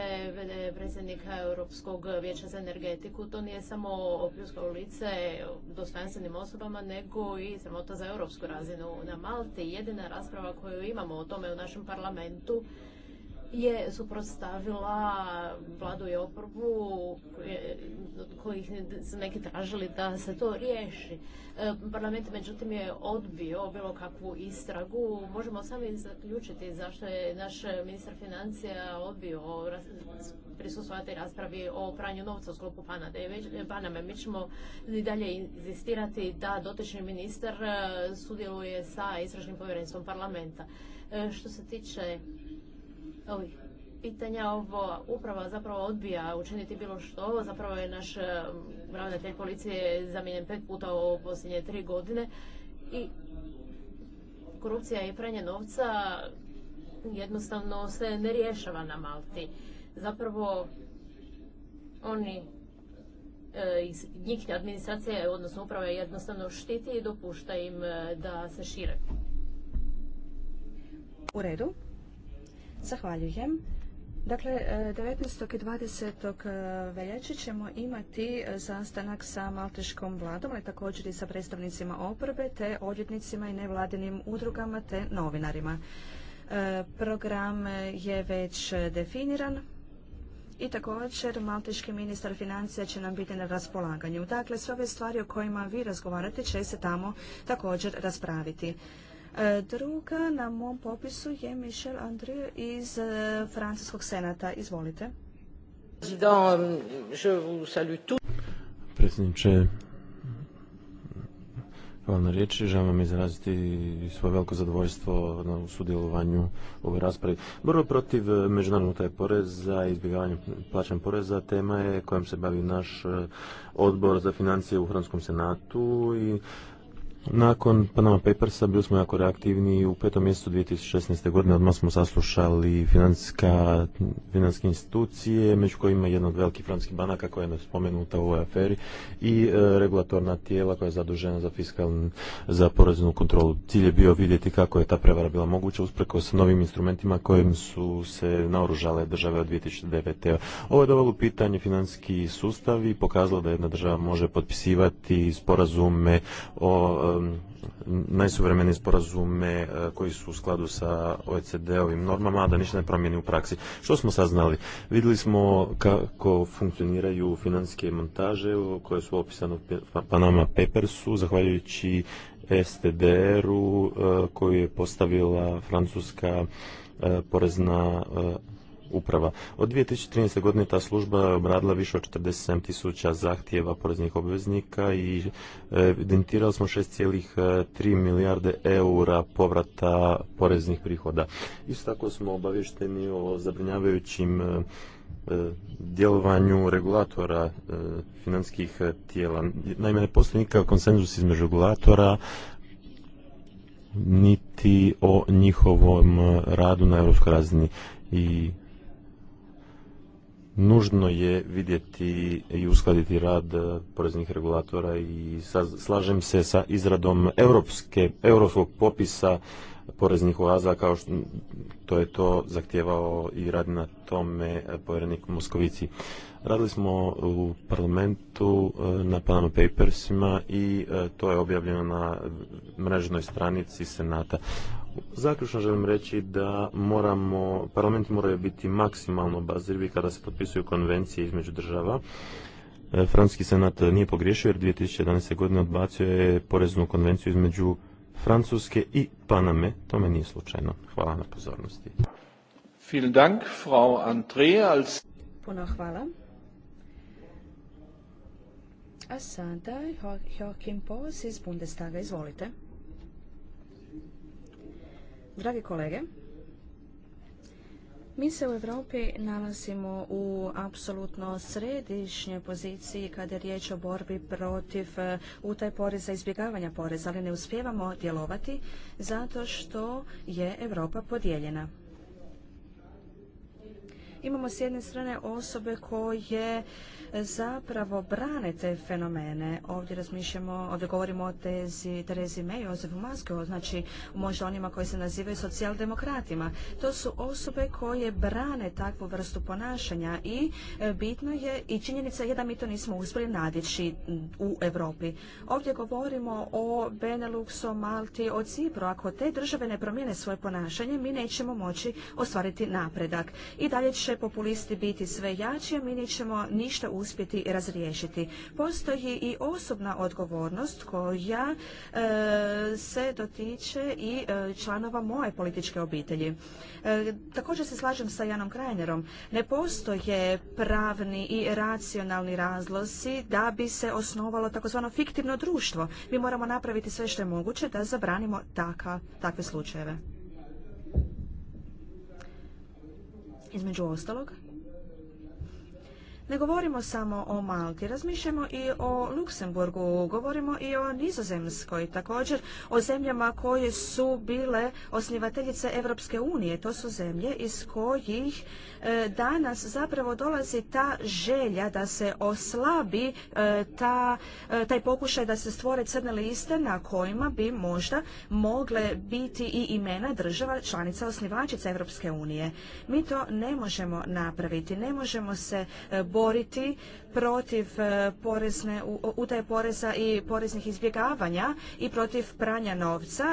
predsjednika Europskog vijeća za energetiku. To nije samo opljusko u lice dostojanstvenim osobama, nego i sramota za europsku razinu. Na Malti jedina rasprava koju imamo o tome u našem parlamentu je suprotstavila vladu i oporbu kojih su neki tražili da se to riješi. E, parlament međutim je odbio bilo kakvu istragu. Možemo sami zaključiti zašto je naš ministar financija odbio prisustovati raspravi o pranju novca u sklopu Paname. Mi ćemo i dalje inzistirati da dotični ministar e, sudjeluje sa istražnim povjerenstvom parlamenta. E, što se tiče ovih pitanja. Ovo uprava zapravo odbija učiniti bilo što. Zapravo je naš e, ravnatelj policije zamijenjen pet puta u posljednje tri godine. I korupcija i pranje novca jednostavno se ne rješava na Malti. Zapravo oni e, iz njih administracija, odnosno uprava jednostavno štiti i dopušta im e, da se šire. U redu. Zahvaljujem. Dakle, 19. E, i 20. E, veljače ćemo imati e, sastanak sa Malteškom vladom, ali također i sa predstavnicima oporbe, te odvjetnicima i nevladinim udrugama, te novinarima. Program je već definiran, i također malteški ministar financija će nam biti na raspolaganju. Dakle, sve ove stvari o kojima vi razgovarate će se tamo također raspraviti. E, druga na mom popisu je Michel Andrieu iz e, Francuskog senata. Izvolite. Predsjedniče, hvala na riječi. Želim vam izraziti svoje veliko zadovoljstvo na sudjelovanju u ovoj raspravi. Borba protiv međunarodnog taj poreza i izbjegavanja plaćanja poreza tema je kojom se bavi naš e, odbor za financije u Hrvatskom senatu i nakon Panama Papersa bili smo jako reaktivni u petom mjesecu 2016. godine odmah smo saslušali financijske institucije, među kojima jedna od velikih francuskih banaka koja je spomenuta u ovoj aferi i e, regulatorna tijela koja je zadužena za fiskalnu, za poreznu kontrolu. Cilj je bio vidjeti kako je ta prevara bila moguća uspreko s novim instrumentima kojim su se naoružale države od 2009. Ovo je dovelo pitanje financijski sustav i pokazalo da jedna država može potpisivati sporazume o e, Um, najsuvremenije sporazume uh, koji su u skladu sa OECD-ovim normama, a da ništa ne promijeni u praksi. Što smo saznali? Vidjeli smo kako funkcioniraju financijske montaže koje su opisane u pa, Panama Papersu, zahvaljujući STDR-u uh, koju je postavila francuska uh, porezna uprava. Od 2013. godine ta služba je obradila više od 47 tisuća zahtjeva poreznih obveznika i e, evidentirali smo 6,3 milijarde eura povrata poreznih prihoda. Isto tako smo obavješteni o zabrinjavajućim e, e, djelovanju regulatora financijskih tijela. Naime, ne postoji konsenzus između regulatora niti o njihovom radu na europskoj razini i nužno je vidjeti i uskladiti rad e, poreznih regulatora i slažem se sa izradom europske, europskog popisa poreznih oaza kao što to je to zahtjevao i radi na tome e, povjerenik Moskovici. Radili smo u parlamentu e, na Panama Papersima i to je objavljeno na mrežnoj stranici Senata. Zaključno želim reći da moramo, parlamenti moraju biti maksimalno bazirvi kada se potpisuju konvencije između država. E, Francuski senat nije pogriješio jer 2011. godine odbacio je poreznu konvenciju između Francuske i Paname. Tome nije slučajno. Hvala na pozornosti. Puno hvala. A sada Joachim iz Bundestaga. Izvolite. Dragi kolege, mi se u Europi nalazimo u apsolutno središnjoj poziciji kada je riječ o borbi protiv e, utaj poreza i izbjegavanja poreza, ali ne uspijevamo djelovati zato što je Evropa podijeljena imamo s jedne strane osobe koje e, zapravo brane te fenomene. Ovdje razmišljamo, ovdje govorimo o tezi Terezi May, o Maskeo, znači možda onima koji se nazivaju socijaldemokratima. To su osobe koje brane takvu vrstu ponašanja i e, bitno je i činjenica je da mi to nismo uspjeli nadići u Europi. Ovdje govorimo o Beneluxu, Malti, o Cipru. Ako te države ne promijene svoje ponašanje, mi nećemo moći ostvariti napredak. I dalje će populisti biti sve jači, a mi nećemo ništa uspjeti razriješiti. Postoji i osobna odgovornost koja e, se dotiče i e, članova moje političke obitelji. E, također se slažem sa Janom Krajnerom. Ne postoje pravni i racionalni razlozi da bi se osnovalo takozvano fiktivno društvo. Mi moramo napraviti sve što je moguće da zabranimo takve slučajeve. između ostalog ne govorimo samo o Malti, razmišljamo i o Luksemburgu, govorimo i o Nizozemskoj, također o zemljama koje su bile osnivateljice Europske unije. To su zemlje iz kojih e, danas zapravo dolazi ta želja da se oslabi e, ta, e, taj pokušaj da se stvore crne liste na kojima bi možda mogle biti i imena država članica osnivačica Europske unije. Mi to ne možemo napraviti, ne možemo se boriti protiv e, porezne, utaje poreza i poreznih izbjegavanja i protiv pranja novca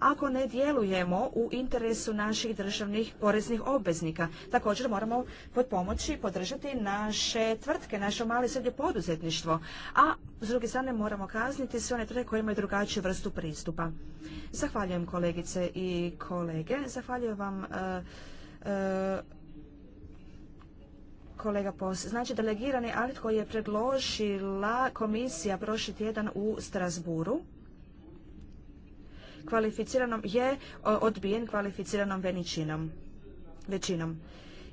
ako ne djelujemo u interesu naših državnih poreznih obveznika. Također moramo pod pomoći podržati naše tvrtke, naše male i srednje poduzetništvo, a s druge strane moramo kazniti sve one tvrtke koje imaju drugačiju vrstu pristupa. Zahvaljujem kolegice i kolege, zahvaljujem vam e, e, kolega Pos. Znači, delegirani akt koji je predložila komisija prošli tjedan u Strasburu kvalificiranom je odbijen kvalificiranom veničinom, većinom.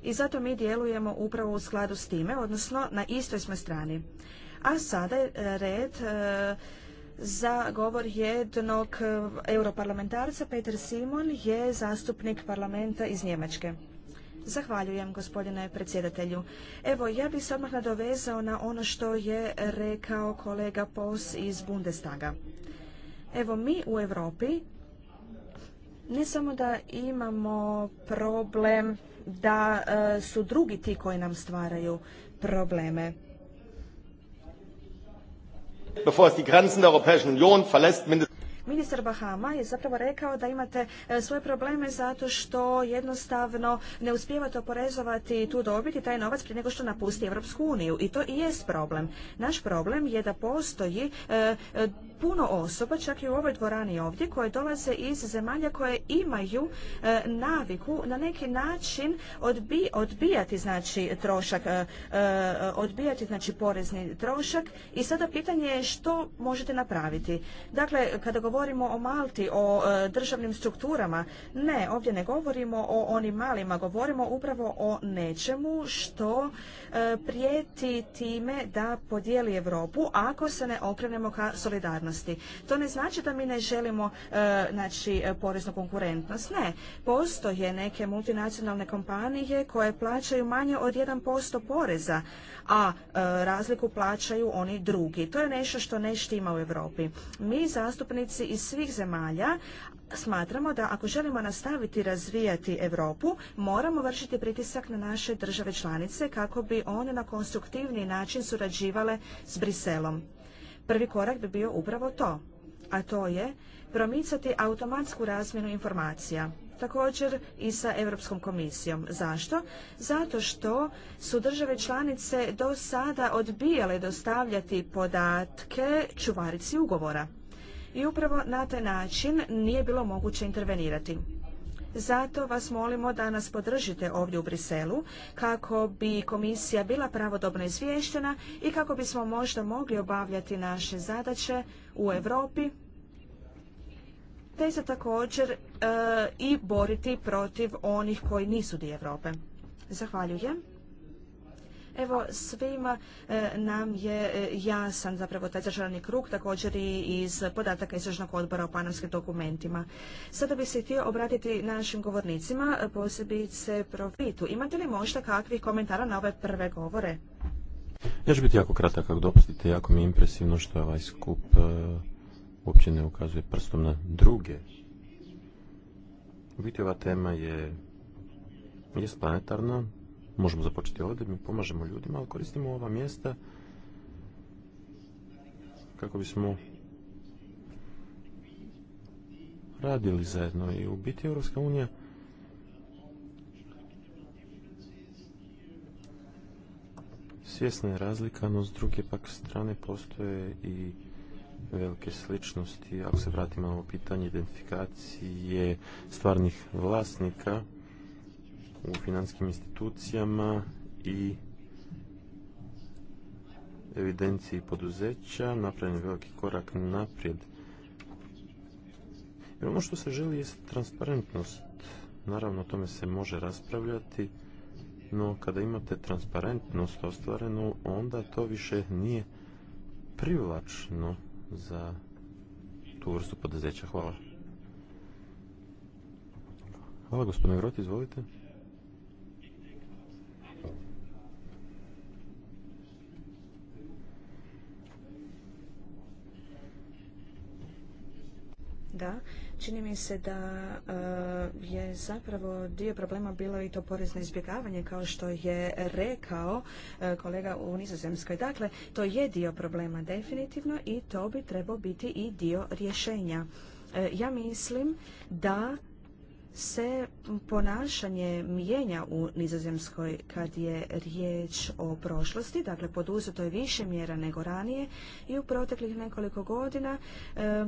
I zato mi djelujemo upravo u skladu s time, odnosno na istoj smo strani. A sada je e, red e, za govor jednog e, europarlamentarca. Peter Simon je zastupnik parlamenta iz Njemačke. Zahvaljujem gospodine predsjedatelju. Evo, ja bih se odmah nadovezao na ono što je rekao kolega Pos iz Bundestaga. Evo, mi u Europi ne samo da imamo problem da e, su drugi ti koji nam stvaraju probleme. Bevor Grenzen der Europäischen Union verlässt, Ministar Bahama je zapravo rekao da imate e, svoje probleme zato što jednostavno ne uspijevate oporezovati tu dobiti taj novac prije nego što napusti Europsku uniju. I to i jest problem. Naš problem je da postoji e, e, puno osoba, čak i u ovoj dvorani ovdje, koje dolaze iz zemalja koje imaju naviku na neki način odbijati znači trošak, odbijati znači porezni trošak i sada pitanje je što možete napraviti. Dakle, kada govorimo govorimo o Malti, o e, državnim strukturama. Ne, ovdje ne govorimo o onim malima, govorimo upravo o nečemu što e, prijeti time da podijeli Europu ako se ne okrenemo ka solidarnosti. To ne znači da mi ne želimo e, znači poreznu konkurentnost. Ne, postoje neke multinacionalne kompanije koje plaćaju manje od 1% poreza, a razliku plaćaju oni drugi. To je nešto što ne štima u Europi. Mi zastupnici iz svih zemalja, smatramo da ako želimo nastaviti razvijati Europu, moramo vršiti pritisak na naše države članice kako bi one na konstruktivni način surađivale s Briselom. Prvi korak bi bio upravo to, a to je promicati automatsku razmjenu informacija također i sa Europskom komisijom. Zašto? Zato što su države članice do sada odbijale dostavljati podatke čuvarici ugovora. I upravo na taj način nije bilo moguće intervenirati. Zato vas molimo da nas podržite ovdje u Briselu kako bi komisija bila pravodobno izvještena i kako bismo možda mogli obavljati naše zadaće u Europi te se također e, i boriti protiv onih koji nisu di Europe. Zahvaljujem. Evo, svima e, nam je e, jasan zapravo taj začarani krug, također i iz podataka Istražnog odbora o panamskim dokumentima. Sada bih se htio obratiti našim govornicima, e, posebice profitu. Imate li možda kakvih komentara na ove prve govore? Ja ću biti jako kratak, ako dopustite, jako mi je impresivno što je ovaj skup uopće ne ukazuje prstom na druge. U ova tema je planetarna, možemo započeti ovdje, mi pomažemo ljudima, ali koristimo ova mjesta kako bismo radili zajedno i u biti Europska unija svjesna je razlika, no s druge pak strane postoje i velike sličnosti. Ako se vratimo na ovo pitanje identifikacije stvarnih vlasnika, u financijskim institucijama i evidenciji poduzeća napravljen veliki korak naprijed. Jer ono što se želi je transparentnost. Naravno, o tome se može raspravljati, no kada imate transparentnost ostvarenu, onda to više nije privlačno za tu vrstu poduzeća. Hvala. Hvala, gospodine Grot, izvolite. Da, čini mi se da e, je zapravo dio problema bilo i to porezno izbjegavanje kao što je rekao e, kolega u Nizozemskoj. Dakle, to je dio problema definitivno i to bi trebao biti i dio rješenja. E, ja mislim da se ponašanje mijenja u Nizozemskoj kad je riječ o prošlosti, dakle poduzeto je više mjera nego ranije i u proteklih nekoliko godina e, e,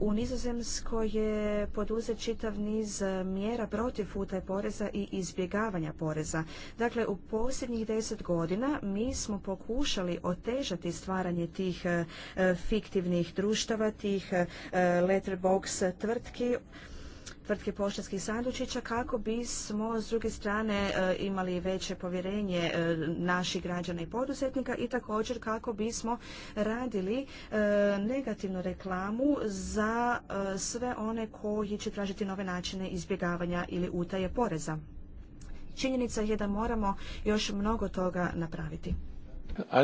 u Nizozemskoj je poduzet čitav niz e, mjera protiv utaje poreza i izbjegavanja poreza. Dakle, u posljednjih deset godina mi smo pokušali otežati stvaranje tih fiktivnih društava, tih letterbox tvrtki, tvrtke poštanskih sandučića kako bismo s druge strane e, imali veće povjerenje e, naših građana i poduzetnika i također kako bismo radili e, negativnu reklamu za sve one koji će tražiti nove načine izbjegavanja ili utaje poreza. Činjenica je da moramo još mnogo toga napraviti.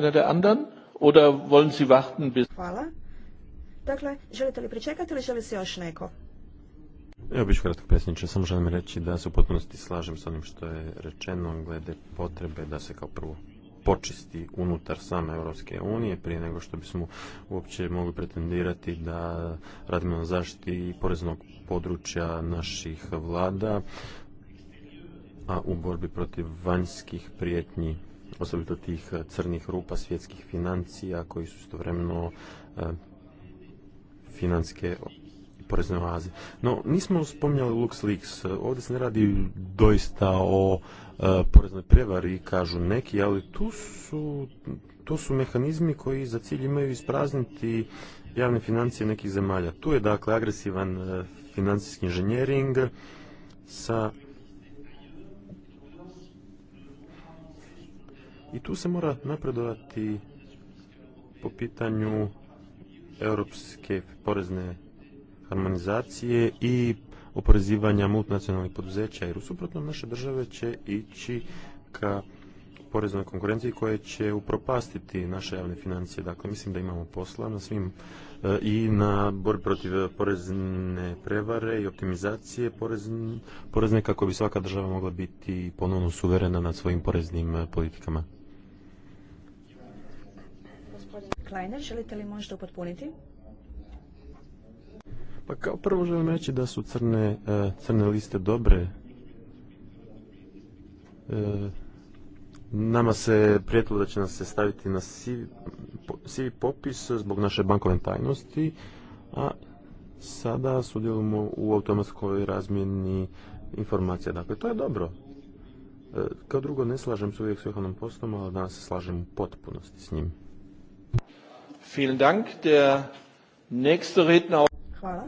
der Oder wollen Sie Hvala. Dakle, želite li pričekati ili želi se još neko? Ja bih kratko predsjedniče, samo želim reći da se u potpunosti slažem s onim što je rečeno glede potrebe da se kao prvo počisti unutar same Europske unije prije nego što bismo uopće mogli pretendirati da radimo na zaštiti poreznog područja naših vlada, a u borbi protiv vanjskih prijetnji, osobito tih crnih rupa svjetskih financija koji su istovremeno eh, financijske porezne oaze. No, nismo spominjali LuxLeaks. Ovdje se ne radi doista o e, poreznoj prevari, kažu neki, ali tu su, mehanizmi koji za cilj imaju isprazniti javne financije nekih zemalja. Tu je dakle agresivan e, financijski inženjering sa I tu se mora napredovati po pitanju europske porezne harmonizacije i oporezivanja multinacionalnih poduzeća, jer u suprotnom naše države će ići ka poreznoj konkurenciji koje će upropastiti naše javne financije. Dakle, mislim da imamo posla na svim eh, i na borbi protiv porezne prevare i optimizacije porezne kako bi svaka država mogla biti ponovno suverena nad svojim poreznim eh, politikama. Gospodin Kleiner, želite li možda upotpuniti? Pa kao prvo želim reći da su crne, e, crne liste dobre. E, nama se prijetilo da će nas se staviti na sivi, popis zbog naše bankovne tajnosti, a sada sudjelujemo u automatskoj razmjeni informacija. Dakle, to je dobro. E, kao drugo, ne slažem se uvijek s Johanom Postom, ali danas se slažem u potpunosti s njim. Vielen Dank. Der nächste Redner Hvala.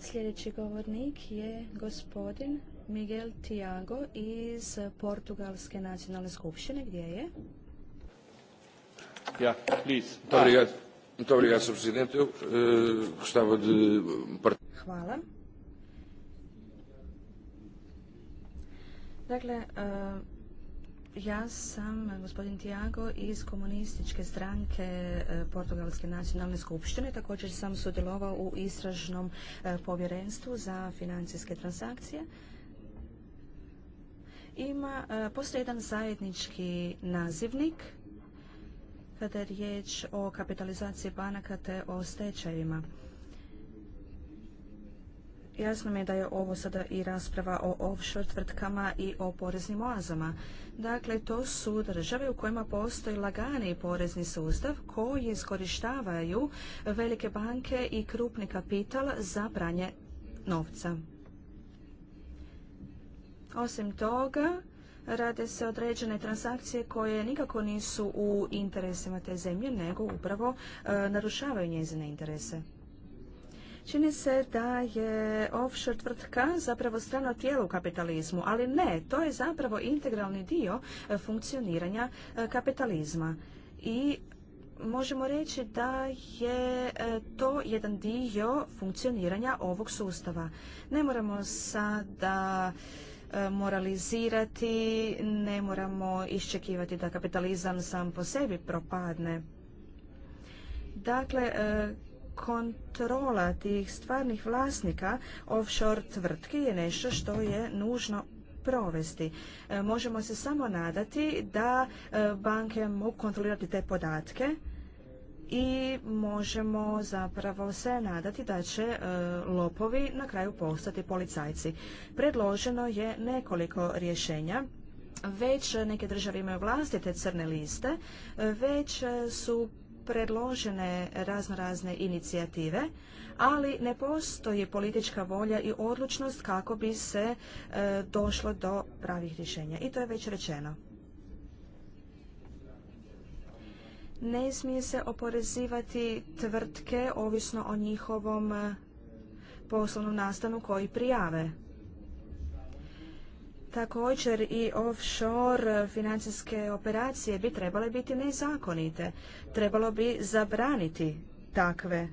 Sljedeći govornik je gospodin Miguel Tiago iz Portugalske nacionalne skupštine. Gdje je? Ja, please. Eh, Hvala. Dakle, eh, ja sam gospodin Tiago iz komunističke stranke e, Portugalske nacionalne skupštine. Također sam sudjelovao u istražnom e, povjerenstvu za financijske transakcije. Ima, e, postoji jedan zajednički nazivnik kada je riječ o kapitalizaciji banaka te o stečajima. Jasno mi je da je ovo sada i rasprava o offshore tvrtkama i o poreznim oazama. Dakle, to su države u kojima postoji lagani porezni sustav koji iskorištavaju velike banke i krupni kapital za pranje novca. Osim toga, rade se određene transakcije koje nikako nisu u interesima te zemlje, nego upravo e, narušavaju njezine interese. Čini se da je offshore tvrtka zapravo strano tijelo u kapitalizmu, ali ne, to je zapravo integralni dio e, funkcioniranja e, kapitalizma. I možemo reći da je e, to jedan dio funkcioniranja ovog sustava. Ne moramo sada moralizirati, ne moramo iščekivati da kapitalizam sam po sebi propadne. Dakle, kontrola tih stvarnih vlasnika offshore tvrtki je nešto što je nužno provesti. E, možemo se samo nadati da e, banke mogu kontrolirati te podatke i možemo zapravo se nadati da će e, lopovi na kraju postati policajci. Predloženo je nekoliko rješenja već neke države imaju vlastite crne liste, već su predložene raznorazne inicijative, ali ne postoji politička volja i odlučnost kako bi se e, došlo do pravih rješenja. I to je već rečeno. Ne smije se oporezivati tvrtke ovisno o njihovom e, poslovnom nastanu koji prijave Također i offshore financijske operacije bi trebale biti nezakonite. Trebalo bi zabraniti takve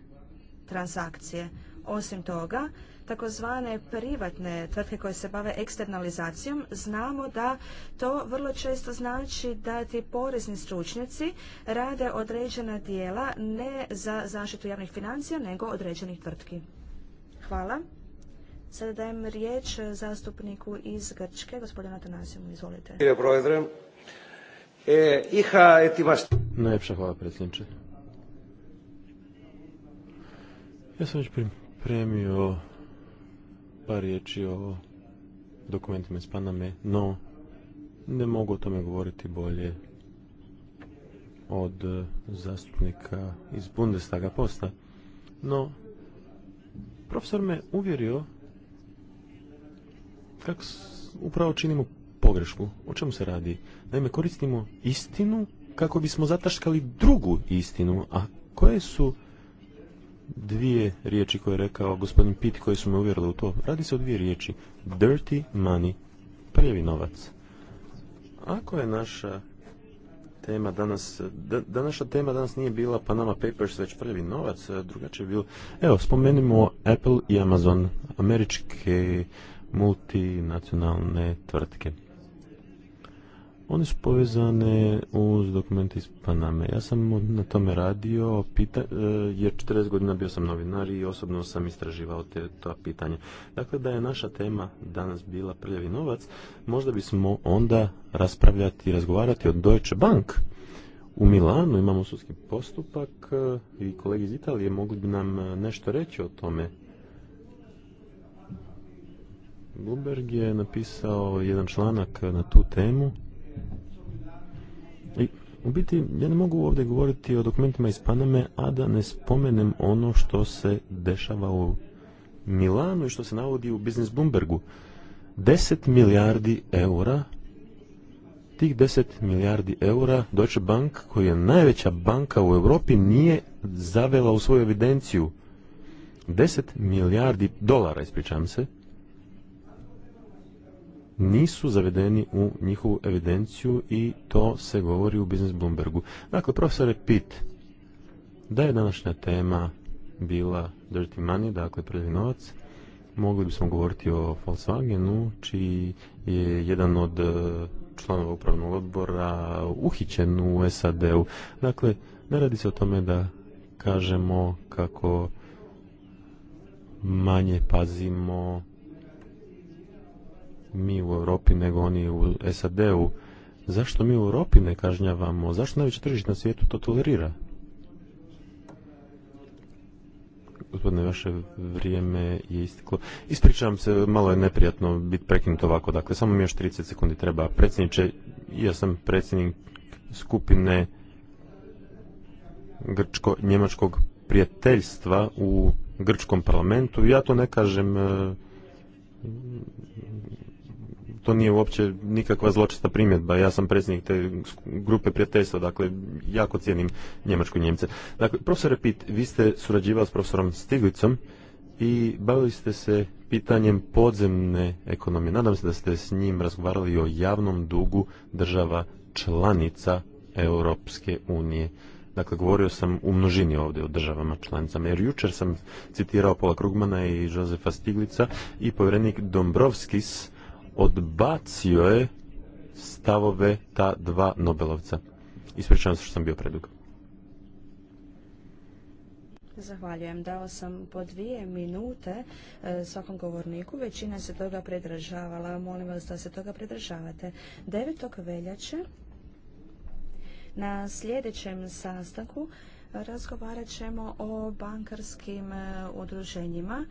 transakcije. Osim toga, takozvane privatne tvrtke koje se bave eksternalizacijom, znamo da to vrlo često znači da ti porezni stručnjaci rade određena dijela ne za zaštitu javnih financija, nego određenih tvrtki. Hvala. Sada dajem riječ zastupniku iz Grčke, gospodinu Atanasimu, izvolite. E, Najljepša hvala predsjedniče. Ja sam već pripremio par riječi o dokumentima iz Paname, no ne mogu o tome govoriti bolje od zastupnika iz Bundestaga posta. No, profesor me uvjerio kako upravo činimo pogrešku. O čemu se radi? Naime, koristimo istinu kako bismo zataškali drugu istinu. A koje su dvije riječi koje je rekao gospodin Pitt koji su me uvjerile u to? Radi se o dvije riječi. Dirty money. Prijevi novac. Ako je naša tema danas, da, današnja tema danas nije bila Panama Papers, već prvi novac, drugačije je bilo. Evo, spomenimo Apple i Amazon, američke multinacionalne tvrtke. One su povezane uz dokumenti iz Paname. Ja sam na tome radio, pita, e, jer 40 godina bio sam novinar i osobno sam istraživao te, ta pitanja. Dakle, da je naša tema danas bila prljavi novac, možda bismo onda raspravljati i razgovarati o Deutsche Bank. U Milanu imamo sudski postupak e, i kolege iz Italije mogli bi nam e, nešto reći o tome Bloomberg je napisao jedan članak na tu temu. I u biti, ja ne mogu ovdje govoriti o dokumentima iz Paname, a da ne spomenem ono što se dešava u Milanu i što se navodi u Business Bloombergu. 10 milijardi eura, tih 10 milijardi eura Deutsche Bank, koji je najveća banka u Europi, nije zavela u svoju evidenciju. 10 milijardi dolara, ispričam se, nisu zavedeni u njihovu evidenciju i to se govori u Business Bloombergu. Dakle, profesore pit, da je današnja tema bila dirty money, dakle prljavi novac, mogli bismo govoriti o Volkswagenu, čiji je jedan od e, članova upravnog odbora uhićen u SAD-u. Dakle, ne radi se o tome da kažemo kako manje pazimo mi u Europi nego oni u SAD-u. Zašto mi u Europi ne kažnjavamo? Zašto najveće tržište na svijetu to tolerira? Gospodine, vaše vrijeme je isteklo. Ispričavam se, malo je neprijatno biti prekinut ovako. Dakle, samo mi još 30 sekundi treba. Predsjedniče, ja sam predsjednik skupine grčko-njemačkog prijateljstva u grčkom parlamentu. Ja to ne kažem e, to nije uopće nikakva zločista primjedba. Ja sam predsjednik te grupe prijateljstva, dakle, jako cijenim njemačku njemce. Dakle, profesor Repit, vi ste surađivali s profesorom Stiglicom i bavili ste se pitanjem podzemne ekonomije. Nadam se da ste s njim razgovarali o javnom dugu država članica Europske unije. Dakle, govorio sam u množini ovdje o državama članicama, jer jučer sam citirao Pola Krugmana i Josefa Stiglica i povjerenik Dombrovskis odbacio je stavove ta dva Nobelovca. Ispričavam se što sam bio predug. Zahvaljujem. Dao sam po dvije minute e, svakom govorniku. Većina se toga predržavala. Molim vas da se toga predržavate. 9. veljače na sljedećem sastanku razgovarat ćemo o bankarskim e, udruženjima.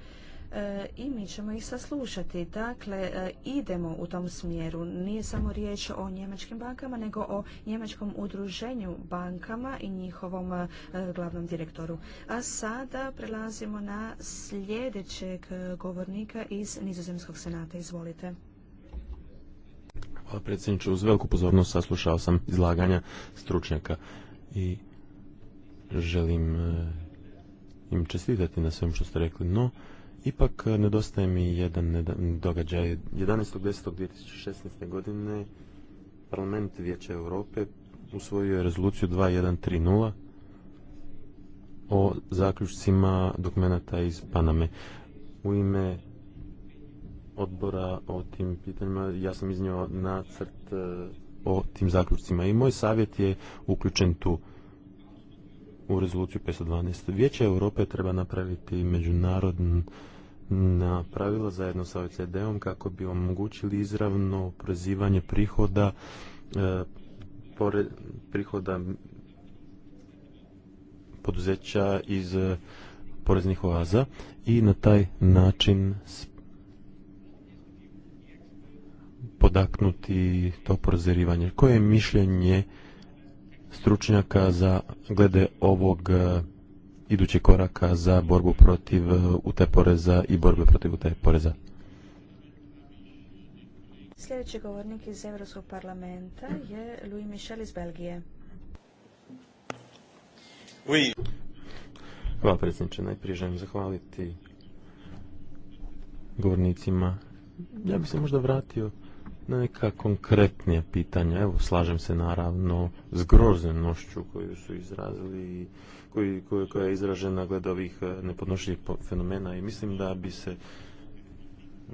E, i mi ćemo ih saslušati. Dakle, e, idemo u tom smjeru. Nije samo riječ o njemačkim bankama, nego o njemačkom udruženju bankama i njihovom e, glavnom direktoru. A sada prelazimo na sljedećeg govornika iz Nizozemskog senata. Izvolite. Hvala predsjedniče. Uz veliku pozornost saslušao sam izlaganja stručnjaka i želim im čestitati na svemu što ste rekli, no Ipak e, nedostaje mi jedan događaj. 11.10.2016. godine parlament Vijeća Europe usvojio je rezoluciju 2130 o zaključcima dokumenta iz Paname. U ime odbora o tim pitanjima ja sam iznio nacrt e, o tim zaključcima i moj savjet je uključen tu u rezoluciju 512. Vijeće Europe treba napraviti međunarodnu napravila zajedno sa OECD-om kako bi omogućili izravno oporezivanje prihoda e, prihoda poduzeća iz e, poreznih oaza i na taj način podaknuti to porezirivanje. Koje je mišljenje stručnjaka za glede ovog e, idućih koraka za borbu protiv e, utaje poreza i borbe protiv utaje poreza. Sljedeći govornik iz Europskog parlamenta je Louis Michel iz Belgije. Oui. Hvala predsjedniče, najprije želim zahvaliti govornicima. Ja bih se možda vratio na neka konkretnija pitanja. Evo, slažem se naravno s koju su izrazili koji, koja je izražena glede ovih eh, nepodnošljivih fenomena i mislim da bi se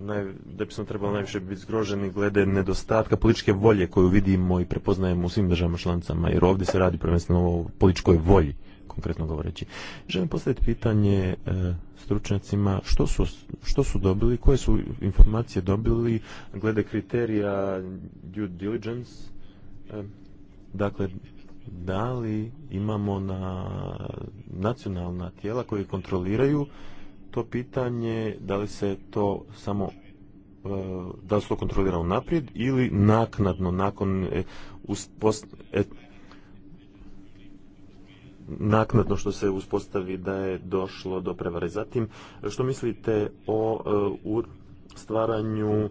naj, da smo trebali najviše biti zgroženi glede nedostatka političke volje koju vidimo i prepoznajemo u svim državama članicama, jer ovdje se radi prvenstveno o političkoj volji, konkretno govoreći. Želim postaviti pitanje eh, stručnjacima što su, što su dobili, koje su informacije dobili glede kriterija due diligence, e, dakle da li imamo na nacionalna tijela koje kontroliraju to pitanje, da li se to samo e, da li se to kontrolira unaprijed ili naknadno nakon e, naknadno što se uspostavi da je došlo do prevare. Zatim, što mislite o e, stvaranju e,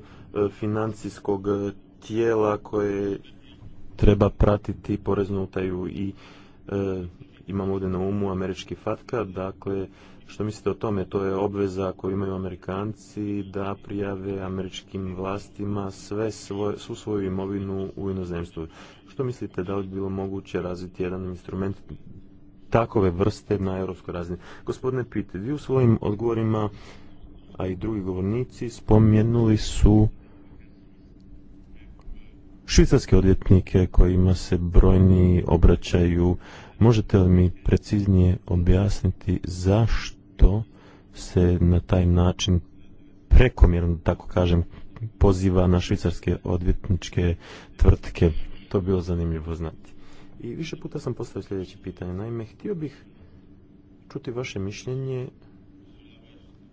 financijskog tijela koje treba pratiti poreznu utaju i e, imamo ovdje na umu američki fatka, dakle što mislite o tome, to je obveza koju imaju Amerikanci da prijave američkim vlastima sve svoje svu svoju imovinu u inozemstvu. Što mislite da li bi bilo moguće razviti jedan instrument takove vrste na europskoj razini. Gospodine Pite, vi u svojim odgovorima, a i drugi govornici, spomenuli su švicarske odvjetnike kojima se brojni obraćaju. Možete li mi preciznije objasniti zašto se na taj način prekomjerno, tako kažem, poziva na švicarske odvjetničke tvrtke? To bi bilo zanimljivo znati. I više puta sam postavio sljedeće pitanje. Naime, htio bih čuti vaše mišljenje,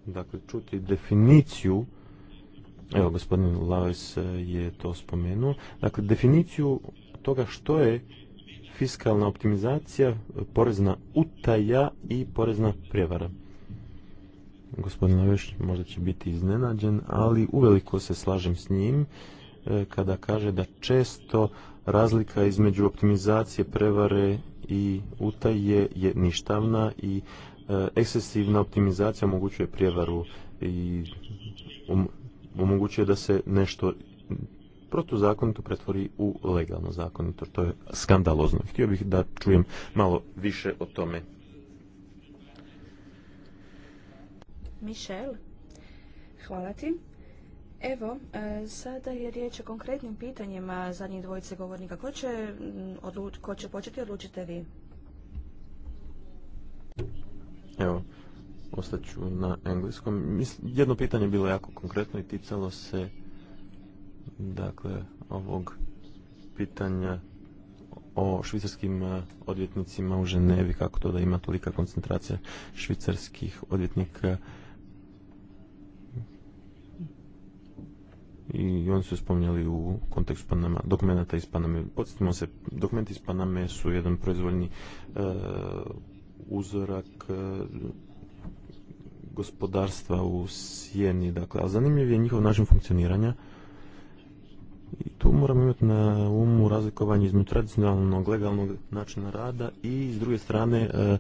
dakle, čuti definiciju, evo, gospodin Laves je to spomenuo, dakle, definiciju toga što je fiskalna optimizacija, porezna utaja i porezna prijevara. Gospodin Laveš možda će biti iznenađen, ali uveliko se slažem s njim e, kada kaže da često razlika između optimizacije prevare i utaje je ništavna i e, ekscesivna optimizacija omogućuje prijevaru i omogućuje da se nešto protuzakonito pretvori u legalno zakonito, to je skandalozno. Htio bih da čujem malo više o tome. Michel, hvala ti. Evo, e, sada je riječ o konkretnim pitanjima zadnjih dvojice govornika. Ko će, odluč, ko će početi, odlučite vi. Evo, ostaću na engleskom. Jedno pitanje je bilo jako konkretno i ticalo se dakle, ovog pitanja o švicarskim e, odvjetnicima u Ženevi, kako to da ima tolika koncentracija švicarskih odvjetnika i oni su spominjali u kontekstu Panama, dokumenta iz Paname. Podsjetimo se, dokumenti iz Paname su jedan proizvoljni e, uzorak e, gospodarstva u sjeni, dakle, a zanimljiv je njihov način funkcioniranja. I tu moramo imati na umu razlikovanje između tradicionalnog, legalnog načina rada i s druge strane e,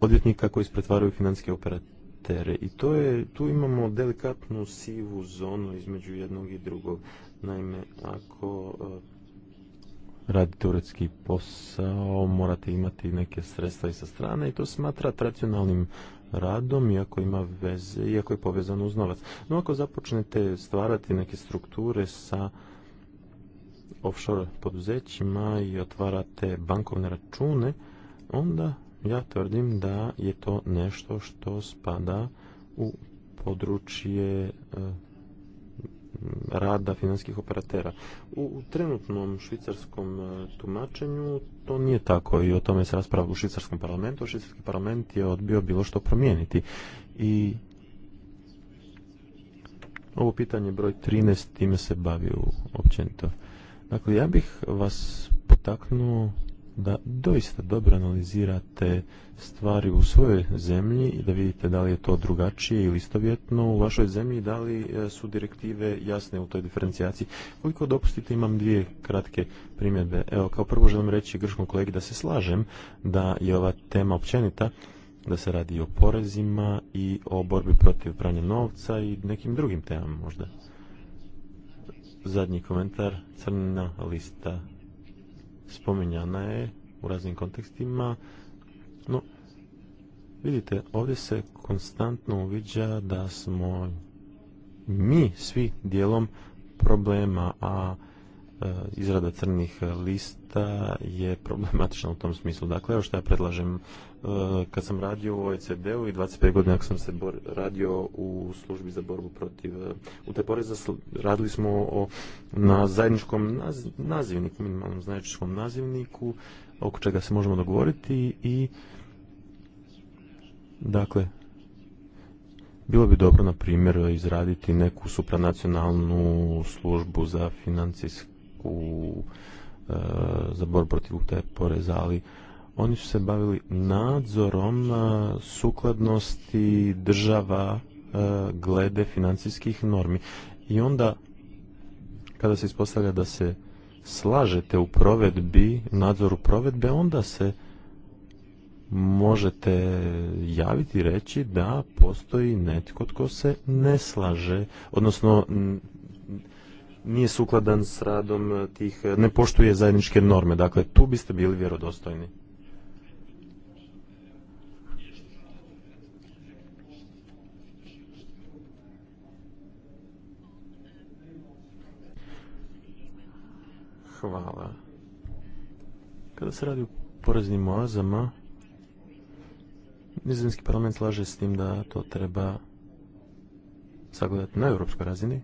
odvjetnika koji se pretvaraju financijske operat tere i to je, tu imamo delikatnu sivu zonu između jednog i drugog. Naime, ako e, radite uredski posao, morate imati neke sredstva i sa strane i to smatra tradicionalnim radom, iako ima veze, iako je povezano uz novac. No ako započnete stvarati neke strukture sa offshore poduzećima i otvarate bankovne račune, onda ja tvrdim da je to nešto što spada u područje e, rada finanskih operatera. U trenutnom švicarskom e, tumačenju to nije tako i o tome se raspravlja u švicarskom parlamentu. Švicarski parlament je odbio bilo što promijeniti. I ovo pitanje broj 13 time se bavi općenito. Dakle, ja bih vas potaknuo da doista dobro analizirate stvari u svojoj zemlji i da vidite da li je to drugačije ili istovjetno u vašoj zemlji, da li e, su direktive jasne u toj diferencijaciji. Koliko dopustite, imam dvije kratke primjedbe. Evo, kao prvo želim reći grškom kolegi da se slažem da je ova tema općenita, da se radi o porezima i o borbi protiv pranja novca i nekim drugim temama možda. Zadnji komentar, crna lista spominjana je u raznim kontekstima. No, vidite, ovdje se konstantno uviđa da smo mi svi dijelom problema, a e, izrada crnih lista je problematična u tom smislu. Dakle, evo što ja predlažem Eh, kad sam radio u OECD-u i 25 godina kad sam se bor, radio u službi za borbu protiv eh, te poreza, radili smo na zajedničkom nazivniku, minimalnom zajedničkom nazivniku, oko čega se možemo dogovoriti i dakle, bilo bi dobro, na primjer, izraditi neku supranacionalnu službu za financijsku eh, za borbu protiv te poreza, ali oni su se bavili nadzorom e, sukladnosti država e, glede financijskih normi. I onda, kada se ispostavlja da se slažete u provedbi, nadzoru provedbe, onda se možete javiti i reći da postoji netko tko se ne slaže, odnosno nije sukladan s radom tih, ne poštuje zajedničke norme. Dakle, tu biste bili vjerodostojni. Hvala. Kada se radi o poreznim oazama, Nizozemski parlament slaže s tim da to treba sagledati na europskoj razini.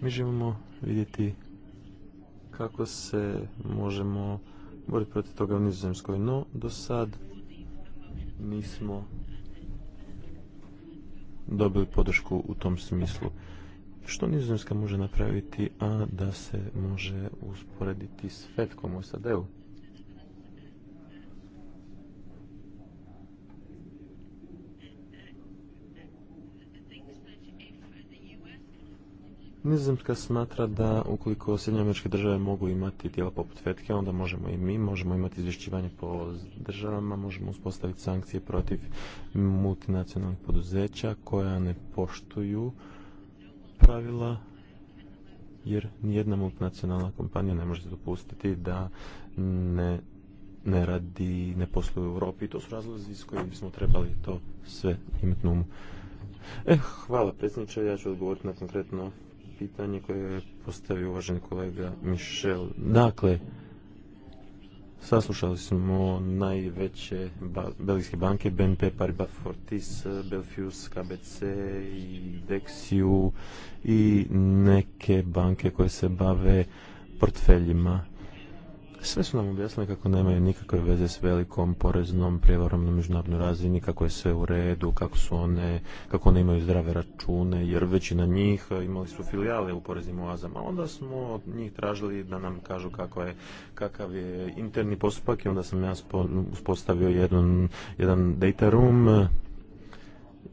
Mi želimo vidjeti kako se možemo boriti protiv toga u Nizozemskoj, no do sad nismo dobili podršku u tom smislu što nizozemska može napraviti, a da se može usporediti s Fetkom u SAD-u? Nizozemska smatra da ukoliko američke države mogu imati tijela poput FETKE, onda možemo i mi, možemo imati izvješćivanje po državama, možemo uspostaviti sankcije protiv multinacionalnih poduzeća koja ne poštuju pravila jer nijedna multinacionalna kompanija ne može dopustiti da ne, ne radi, ne posluje u Europi i to su razlozi s kojim bismo trebali to sve imati numu. umu. E, hvala predsjedniče, ja ću odgovoriti na konkretno pitanje koje je postavio uvaženi kolega Mišel. Dakle, Saslušali smo najveće belgijske banke, BNP Paribas Fortis, Belfius, KBC i Dexiu i neke banke koje se bave portfeljima sve su nam objasnili kako nemaju nikakve veze s velikom poreznom prijevarom na međunarodnoj razini, kako je sve u redu, kako su one, kako one imaju zdrave račune, jer većina njih e, imali su filijale u poreznim oazama. Onda smo od njih tražili da nam kažu kako je, kakav je interni postupak i onda sam ja uspostavio jedan, jedan data room, e,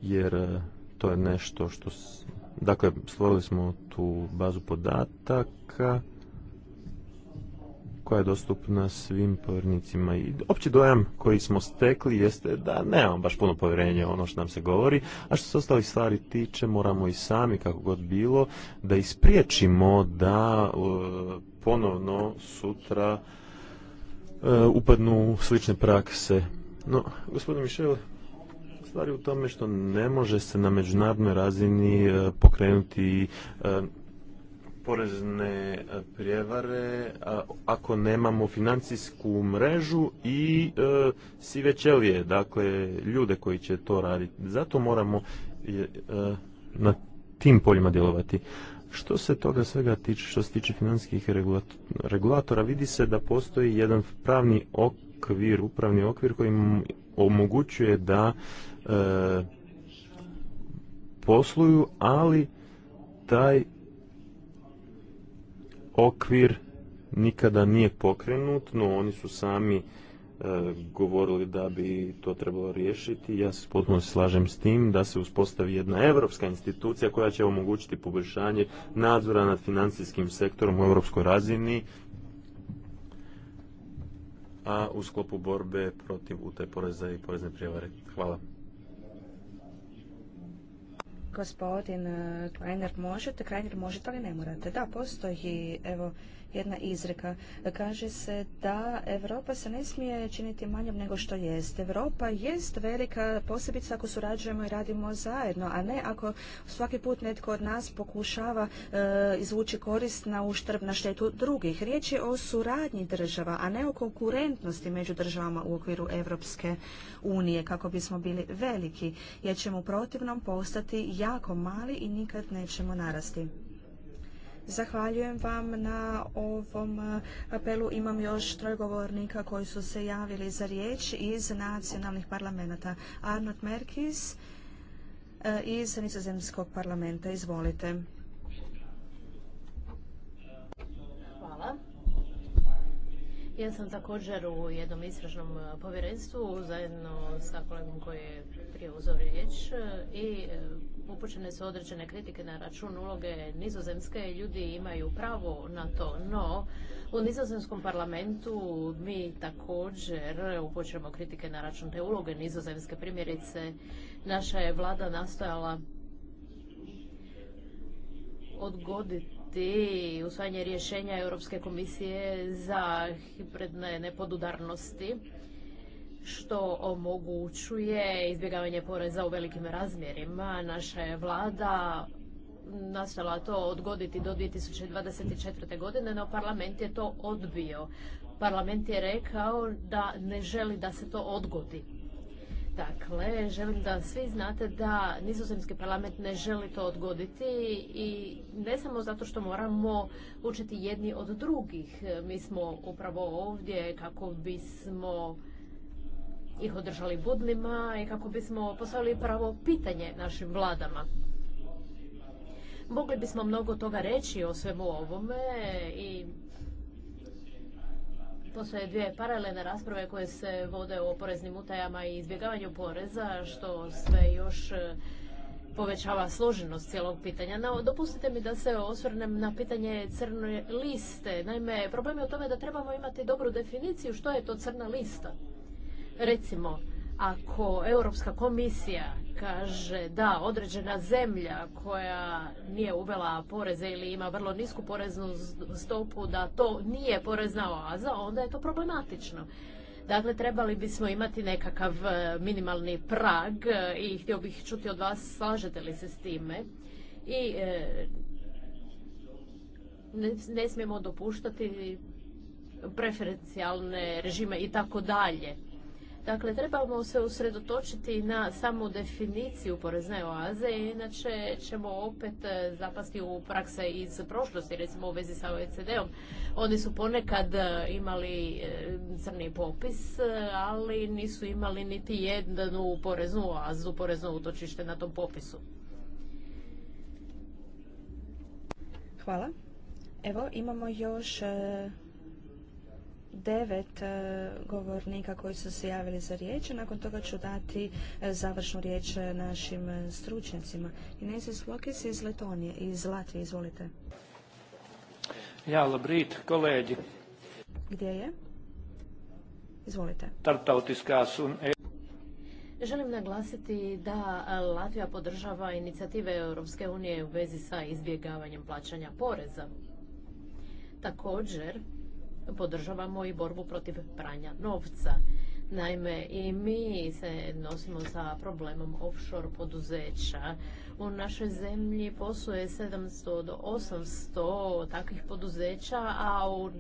jer e, to je nešto što... Dakle, stvorili smo tu bazu podataka koja je dostupna svim povjernicima. I opći dojam koji smo stekli jeste da nemamo baš puno povjerenja ono što nam se govori, a što se ostalih stvari tiče moramo i sami, kako god bilo, da ispriječimo da e, ponovno sutra e, upadnu slične prakse. No, gospodin Mišel, stvari u tome što ne može se na međunarodnoj razini e, pokrenuti porezne prijevare ako nemamo financijsku mrežu i e, sive ćelije, dakle ljude koji će to raditi. Zato moramo e, e, na tim poljima djelovati. Što se toga svega tiče, što se tiče financijskih regulatora, vidi se da postoji jedan pravni okvir, upravni okvir koji omogućuje da e, posluju, ali taj okvir nikada nije pokrenut, no oni su sami e, govorili da bi to trebalo riješiti. Ja se potpuno slažem s tim da se uspostavi jedna europska institucija koja će omogućiti poboljšanje nadzora nad financijskim sektorom u europskoj razini, a u sklopu borbe protiv utaj poreza i porezne prijevare. Hvala. Gospodin Kleiner, eh, možete, Kleiner, možete, ali ne morate. Da, postoji, evo, jedna izreka. Kaže se da Europa se ne smije činiti manjom nego što jest. Europa jest velika posebice ako surađujemo i radimo zajedno, a ne ako svaki put netko od nas pokušava e, izvući korist na uštrb na štetu drugih. Riječ je o suradnji država, a ne o konkurentnosti među državama u okviru Europske unije kako bismo bili veliki, jer ćemo u protivnom postati jako mali i nikad nećemo narasti. Zahvaljujem vam na ovom e, apelu. Imam još troj govornika koji su se javili za riječ iz nacionalnih parlamenta. Arnold Merkis e, iz Nizozemskog parlamenta. Izvolite. Hvala. Ja sam također u jednom istražnom e, povjerenstvu zajedno sa kolegom koji je prije riječ i upućene su određene kritike na račun uloge nizozemske. Ljudi imaju pravo na to, no u nizozemskom parlamentu mi također upućujemo kritike na račun te uloge nizozemske. Primjerice, naša je vlada nastojala odgoditi usvajanje rješenja Europske komisije za hibridne nepodudarnosti što omogućuje izbjegavanje poreza u velikim razmjerima. Naša je vlada nastala to odgoditi do 2024. godine, no parlament je to odbio. Parlament je rekao da ne želi da se to odgodi. Dakle, želim da svi znate da nizozemski parlament ne želi to odgoditi i ne samo zato što moramo učiti jedni od drugih. Mi smo upravo ovdje kako bismo ih održali budnima i kako bismo postavili pravo pitanje našim vladama. Mogli bismo mnogo toga reći o svemu ovome i postoje dvije paralelne rasprave koje se vode o poreznim utajama i izbjegavanju poreza, što sve još e, povećava složenost cijelog pitanja. No, dopustite mi da se osvrnem na pitanje crne liste. Naime, problem je u tome da trebamo imati dobru definiciju što je to crna lista. Recimo, ako Europska komisija kaže da određena zemlja koja nije uvela poreze ili ima vrlo nisku poreznu stopu da to nije porezna oaza, onda je to problematično. Dakle, trebali bismo imati nekakav e, minimalni prag e, i htio bih čuti od vas slažete li se s time. I e, ne, smijemo dopuštati preferencijalne režime i tako dalje. Dakle, trebamo se usredotočiti na samu definiciju porezne oaze, inače ćemo opet e, zapasti u prakse iz prošlosti, recimo u vezi sa OECD-om. Oni su ponekad e, imali e, crni popis, ali nisu imali niti jednu poreznu oazu, porezno utočište na tom popisu. Hvala. Evo, imamo još devet e, govornika koji su se javili za riječ, nakon toga ću dati e, završnu riječ e, našim stručnjacima. Inezis Lokis iz Letonije, iz Latvije, izvolite. Ja, Gdje je? Izvolite. Želim naglasiti da Latvija podržava inicijative Europske unije u vezi sa izbjegavanjem plaćanja poreza. Također, podržavamo i borbu protiv pranja novca. Naime, i mi se nosimo sa problemom offshore poduzeća. U našoj zemlji posluje 700 do 800 takvih poduzeća, a u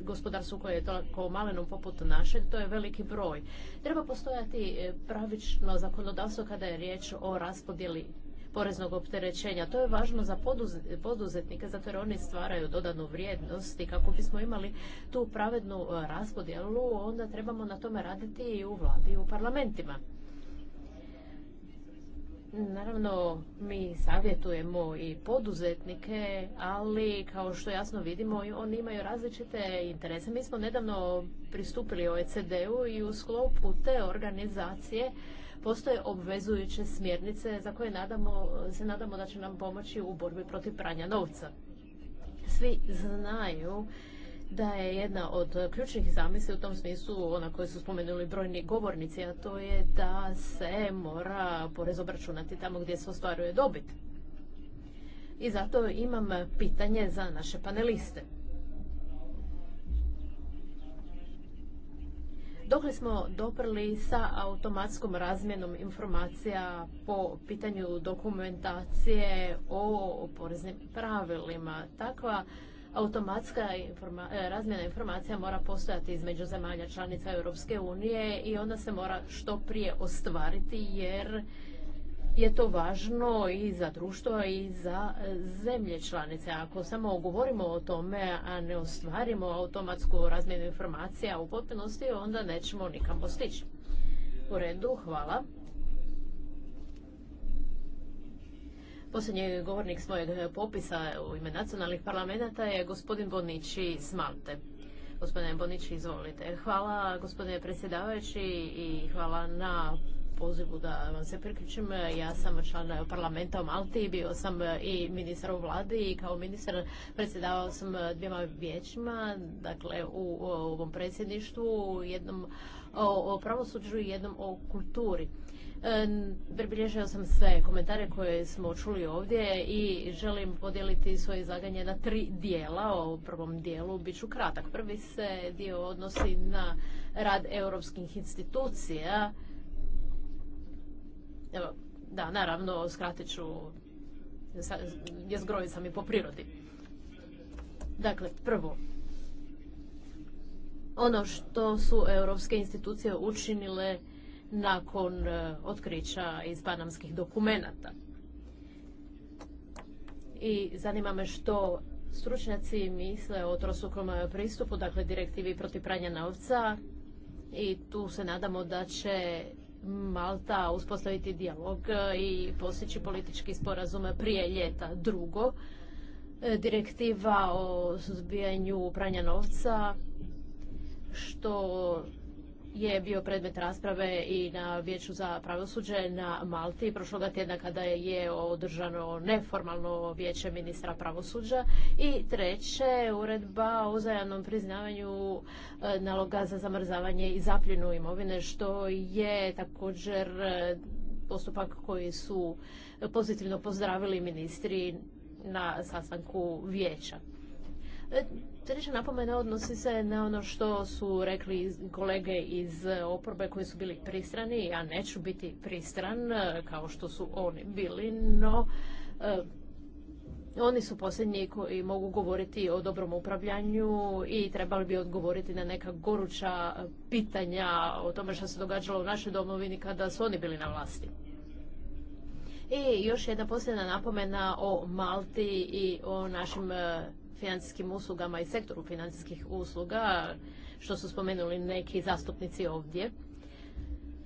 gospodarstvu koje je toliko maleno poput našeg, to je veliki broj. Treba postojati pravično zakonodavstvo kada je riječ o raspodjeli poreznog opterećenja. To je važno za poduzetnike zato jer oni stvaraju dodanu vrijednost i kako bismo imali tu pravednu e, raspodjelu onda trebamo na tome raditi i u vladi i u parlamentima. Naravno, mi savjetujemo i poduzetnike, ali kao što jasno vidimo, oni imaju različite interese. Mi smo nedavno pristupili OECD-u i u sklopu te organizacije postoje obvezujuće smjernice za koje nadamo, se nadamo da će nam pomoći u borbi protiv pranja novca. Svi znaju da je jedna od ključnih zamisli u tom smislu ona koju su spomenuli brojni govornici, a to je da se mora porez obračunati tamo gdje se ostvaruje dobit. I zato imam pitanje za naše paneliste. dokle smo doprli sa automatskom razmjenom informacija po pitanju dokumentacije o poreznim pravilima. Takva automatska e, razmjena informacija mora postojati između zemalja članica Europske unije i ona se mora što prije ostvariti jer je to važno i za društvo i za e, zemlje članice. Ako samo govorimo o tome, a ne ostvarimo automatsku razmjenu informacija u potpunosti, onda nećemo nikam stići. U redu, hvala. Posljednji govornik svojeg popisa u ime nacionalnih parlamenta je gospodin Bonić iz Malte. Gospodine Bonići, izvolite. Hvala gospodine predsjedavajući i hvala na pozivu da vam se priključim. Ja sam član parlamenta u Malti, bio sam i ministar u vladi i kao ministar predsjedavao sam dvijema vijećima, dakle u, ovom predsjedništvu, jednom o, pravosuđu i jednom o kulturi. E, pribilježio sam sve komentare koje smo čuli ovdje i želim podijeliti svoje izlaganje na tri dijela. O prvom dijelu bit ću kratak. Prvi se dio odnosi na rad europskih institucija, Evo, da, naravno, skratit ću, jezgrovi sam i po prirodi. Dakle, prvo, ono što su europske institucije učinile nakon e, otkrića iz panamskih dokumenata. I zanima me što stručnjaci misle o trostrukom e, pristupu, dakle direktivi protiv pranja novca i tu se nadamo da će Malta uspostaviti dijalog e, i postići politički sporazum prije ljeta. Drugo, e, direktiva o suzbijanju pranja novca, što je bio predmet rasprave i na Vijeću za pravosuđe na Malti prošloga tjedna kada je održano neformalno vijeće ministra pravosuđa i treće uredba o uzajamnom priznavanju e, naloga za zamrzavanje i zapljenu imovine što je također e, postupak koji su pozitivno pozdravili ministri na sastanku vijeća. E, Treća napomena odnosi se na ono što su rekli kolege iz oporbe koji su bili pristrani. Ja neću biti pristran e, kao što su oni bili, no e, oni su posljednji koji mogu govoriti o dobrom upravljanju i trebali bi odgovoriti na neka goruća pitanja o tome što se događalo u našoj domovini kada su oni bili na vlasti. I još jedna posljedna napomena o Malti i o našim e, financijskim uslugama i sektoru financijskih usluga, što su spomenuli neki zastupnici ovdje.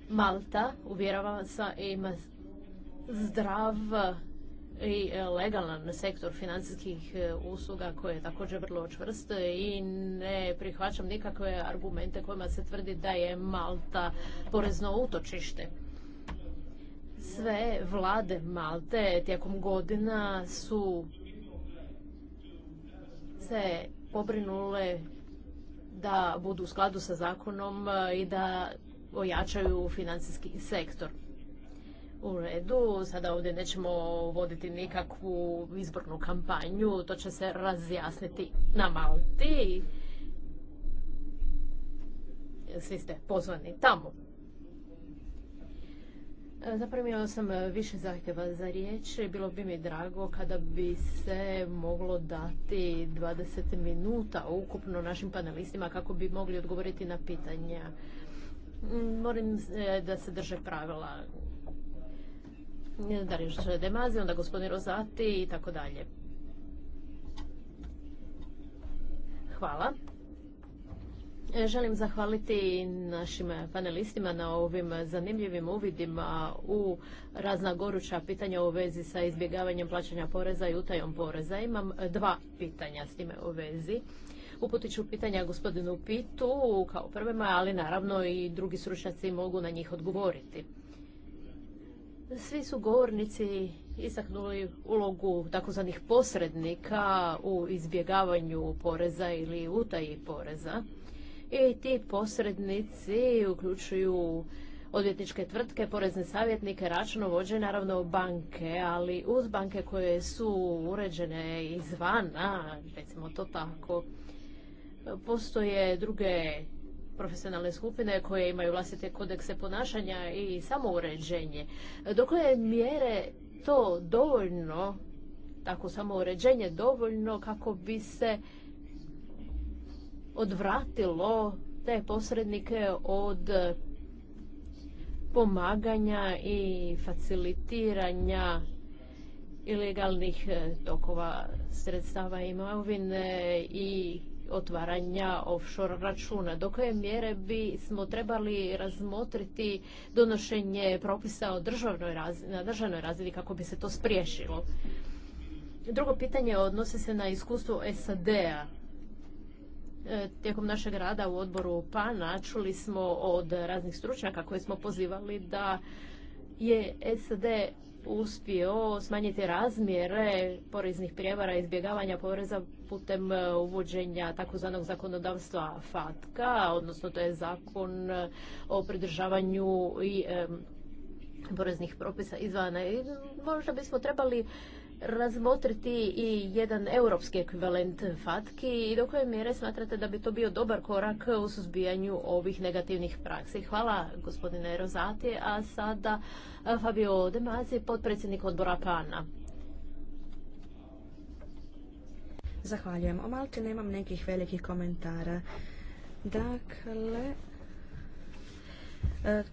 Malta, uvjerava se, ima zdrav i legalan sektor financijskih e, usluga koji je također vrlo čvrst i ne prihvaćam nikakve argumente kojima se tvrdi da je Malta porezno utočište. Sve vlade Malte tijekom godina su se pobrinule da budu u skladu sa zakonom e, i da ojačaju financijski sektor. U redu, sada ovdje nećemo voditi nikakvu izbornu kampanju, to će se razjasniti na Malti. Svi ste pozvani tamo. E, Zaprimila sam e, više zahtjeva za riječ. Bilo bi mi drago kada bi se moglo dati 20 minuta ukupno našim panelistima kako bi mogli odgovoriti na pitanja. Mm, Morim e, da se drže pravila. Dariš Demazi, onda gospodin Rozati i tako dalje. Hvala. Želim zahvaliti našim panelistima na ovim zanimljivim uvidima u razna goruća pitanja u vezi sa izbjegavanjem plaćanja poreza i utajom poreza. Imam dva pitanja s time u vezi. Uputit ću pitanja gospodinu Pitu kao prvema, ali naravno i drugi stručnjaci mogu na njih odgovoriti. Svi su govornici istaknuli ulogu takozvanih posrednika u izbjegavanju poreza ili utaji poreza i ti posrednici uključuju odvjetničke tvrtke, porezne savjetnike, računovođe, naravno banke, ali uz banke koje su uređene izvana, recimo to tako, postoje druge profesionalne skupine koje imaju vlastite kodekse ponašanja i samouređenje. Dokle mjere to dovoljno, tako samouređenje dovoljno kako bi se odvratilo te posrednike od pomaganja i facilitiranja ilegalnih e, tokova sredstava imovine i otvaranja offshore računa. Do koje mjere bi smo trebali razmotriti donošenje propisa o državnoj na državnoj razini kako bi se to spriješilo? Drugo pitanje odnosi se na iskustvo SAD-a. E, tijekom našeg rada u odboru PANA čuli smo od raznih stručnjaka koje smo pozivali da je SD uspio smanjiti razmjere poreznih prijevara i izbjegavanja poreza putem e, uvođenja takozvanog zakonodavstva FATKA, odnosno to je zakon o pridržavanju i e, poreznih propisa izvana. možda bismo trebali razmotriti i jedan europski ekvivalent FATKI i do koje mjere smatrate da bi to bio dobar korak u suzbijanju ovih negativnih praksi. Hvala gospodine Rozati, a sada Fabio Demazi potpredsjednik odbora PANA. Zahvaljujem. O Malti nemam nekih velikih komentara. Dakle, e,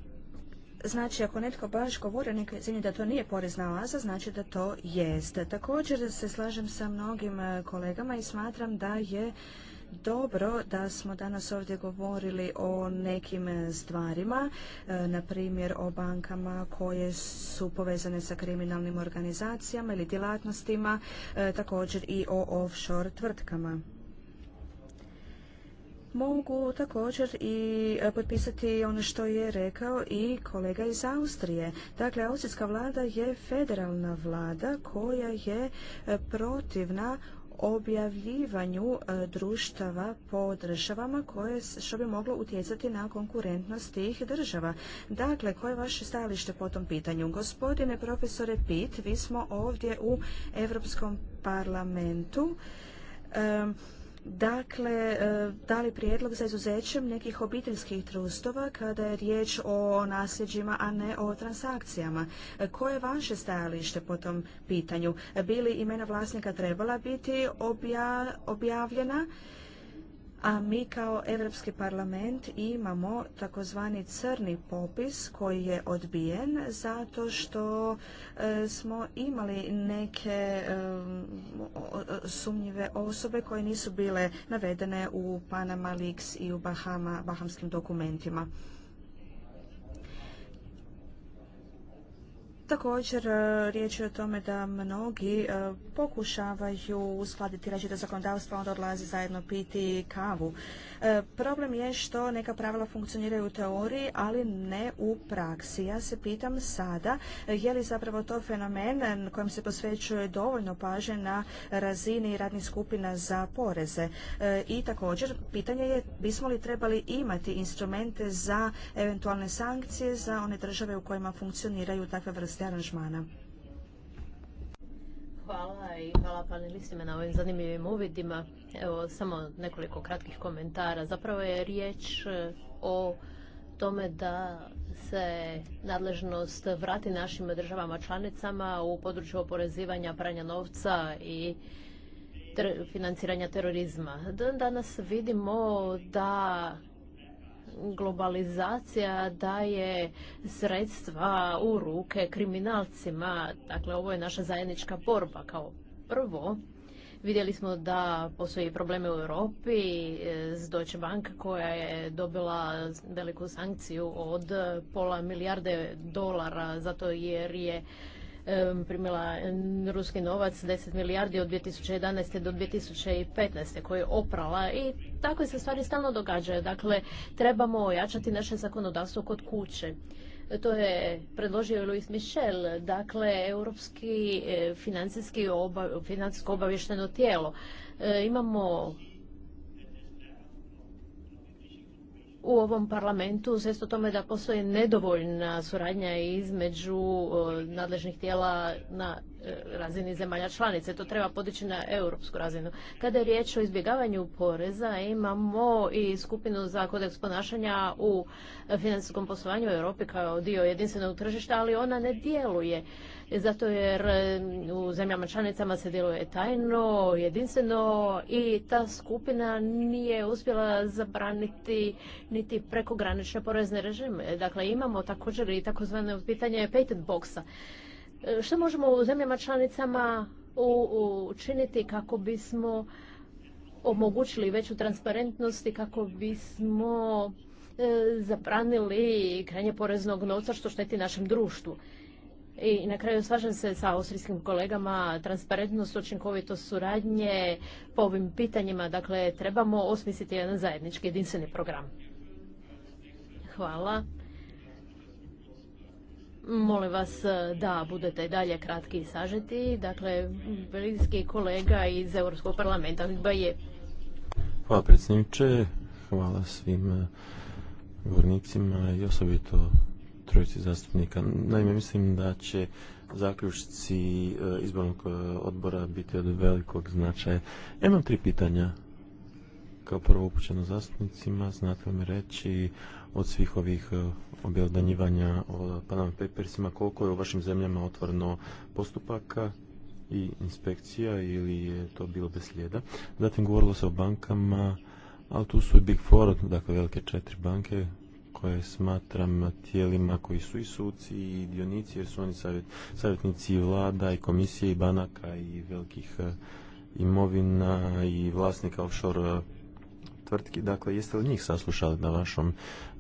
Znači, ako netko baš govori o nekoj da to nije porezna oaza, znači da to jest. Također se slažem sa mnogim e, kolegama i smatram da je dobro da smo danas ovdje govorili o nekim e, stvarima, e, na primjer o bankama koje su povezane sa kriminalnim organizacijama ili djelatnostima, također i o offshore tvrtkama. Mogu također i e, potpisati ono što je rekao i kolega iz Austrije. Dakle, austrijska vlada je federalna vlada koja je e, protivna objavljivanju e, društava po državama koje što bi moglo utjecati na konkurentnost tih država. Dakle, koje je vaše stajalište po tom pitanju? Gospodine profesore Pitt, vi smo ovdje u Europskom parlamentu. Dakle, e, dali prijedlog za izuzećem nekih obiteljskih trustova kada je riječ o nasljeđima, a ne o transakcijama? E, koje je vaše stajalište po tom pitanju? E, Bili imena vlasnika trebala biti objavljena? a mi kao Europski parlament imamo takozvani crni popis koji je odbijen zato što e, smo imali neke e, sumnjive osobe koje nisu bile navedene u Panama Leaks i u bahamskim dokumentima. Također, e, riječ je o tome da mnogi e, pokušavaju uskladiti različite zakonodavstva, onda odlazi zajedno piti kavu. E, problem je što neka pravila funkcioniraju u teoriji, ali ne u praksi. Ja se pitam sada je li zapravo to fenomen kojem se posvećuje dovoljno pažnje na razini radnih skupina za poreze. E, I također pitanje je bismo li trebali imati instrumente za eventualne sankcije za one države u kojima funkcioniraju takve vrste aranžmana. Hvala i hvala panelistima na ovim zanimljivim uvidima. Evo, samo nekoliko kratkih komentara. Zapravo je riječ e, o tome da se nadležnost vrati našim državama članicama u području oporezivanja pranja novca i financiranja terorizma. Danas vidimo da globalizacija daje sredstva u ruke kriminalcima. Dakle, ovo je naša zajednička borba. Kao prvo, vidjeli smo da postoji probleme u Europi e, s Deutsche Bank koja je dobila veliku sankciju od pola milijarde dolara zato jer je primila ruski novac 10 milijardi od 2011. do 2015. koje je oprala i tako se stvari stalno događaju. Dakle, trebamo ojačati naše zakonodavstvo kod kuće. To je predložio Luis Michel, dakle, Europski e, financijsko obavješteno tijelo. E, imamo u ovom parlamentu svjesno tome da postoji nedovoljna suradnja između nadležnih tijela na e, razini zemalja članice. To treba podići na europsku razinu. Kada je riječ o izbjegavanju poreza, imamo i skupinu za kodeks ponašanja u e, financijskom poslovanju u Europi kao dio jedinstvenog tržišta, ali ona ne djeluje zato jer u zemljama članicama se djeluje tajno, jedinstveno i ta skupina nije uspjela zabraniti niti prekogranične porezne režime. Dakle, imamo također i takozvane pitanje patent boxa. E, što možemo u zemljama članicama učiniti kako bismo omogućili veću transparentnost i kako bismo e, zabranili krenje poreznog novca što šteti našem društvu. I na kraju slažem se sa austrijskim kolegama, transparentnost, učinkovitost suradnje po ovim pitanjima, dakle trebamo osmisliti jedan zajednički jedinstveni program. Hvala. Molim vas da budete dalje kratki i sažeti. Dakle, belgijski kolega iz Europskog parlamenta je. Hvala predsjedniče, hvala svim govornicima i osobito trojici zastupnika. Naime, mislim da će zaključci e, izbornog e, odbora biti od velikog značaja. imam tri pitanja. Kao prvo upućeno zastupnicima, znate li mi reći od svih ovih e, objedanjivanja o Panama Papersima, koliko je u vašim zemljama otvoreno postupaka i inspekcija ili je to bilo bez slijeda. Zatim govorilo se o bankama, ali tu su i Big Four, dakle velike četiri banke, koje smatram tijelima koji su i suci i dionici jer su oni savjet, savjetnici vlada i komisije i banaka i velikih e, imovina i vlasnika offshore e, tvrtki. Dakle, jeste li njih saslušali na vašom,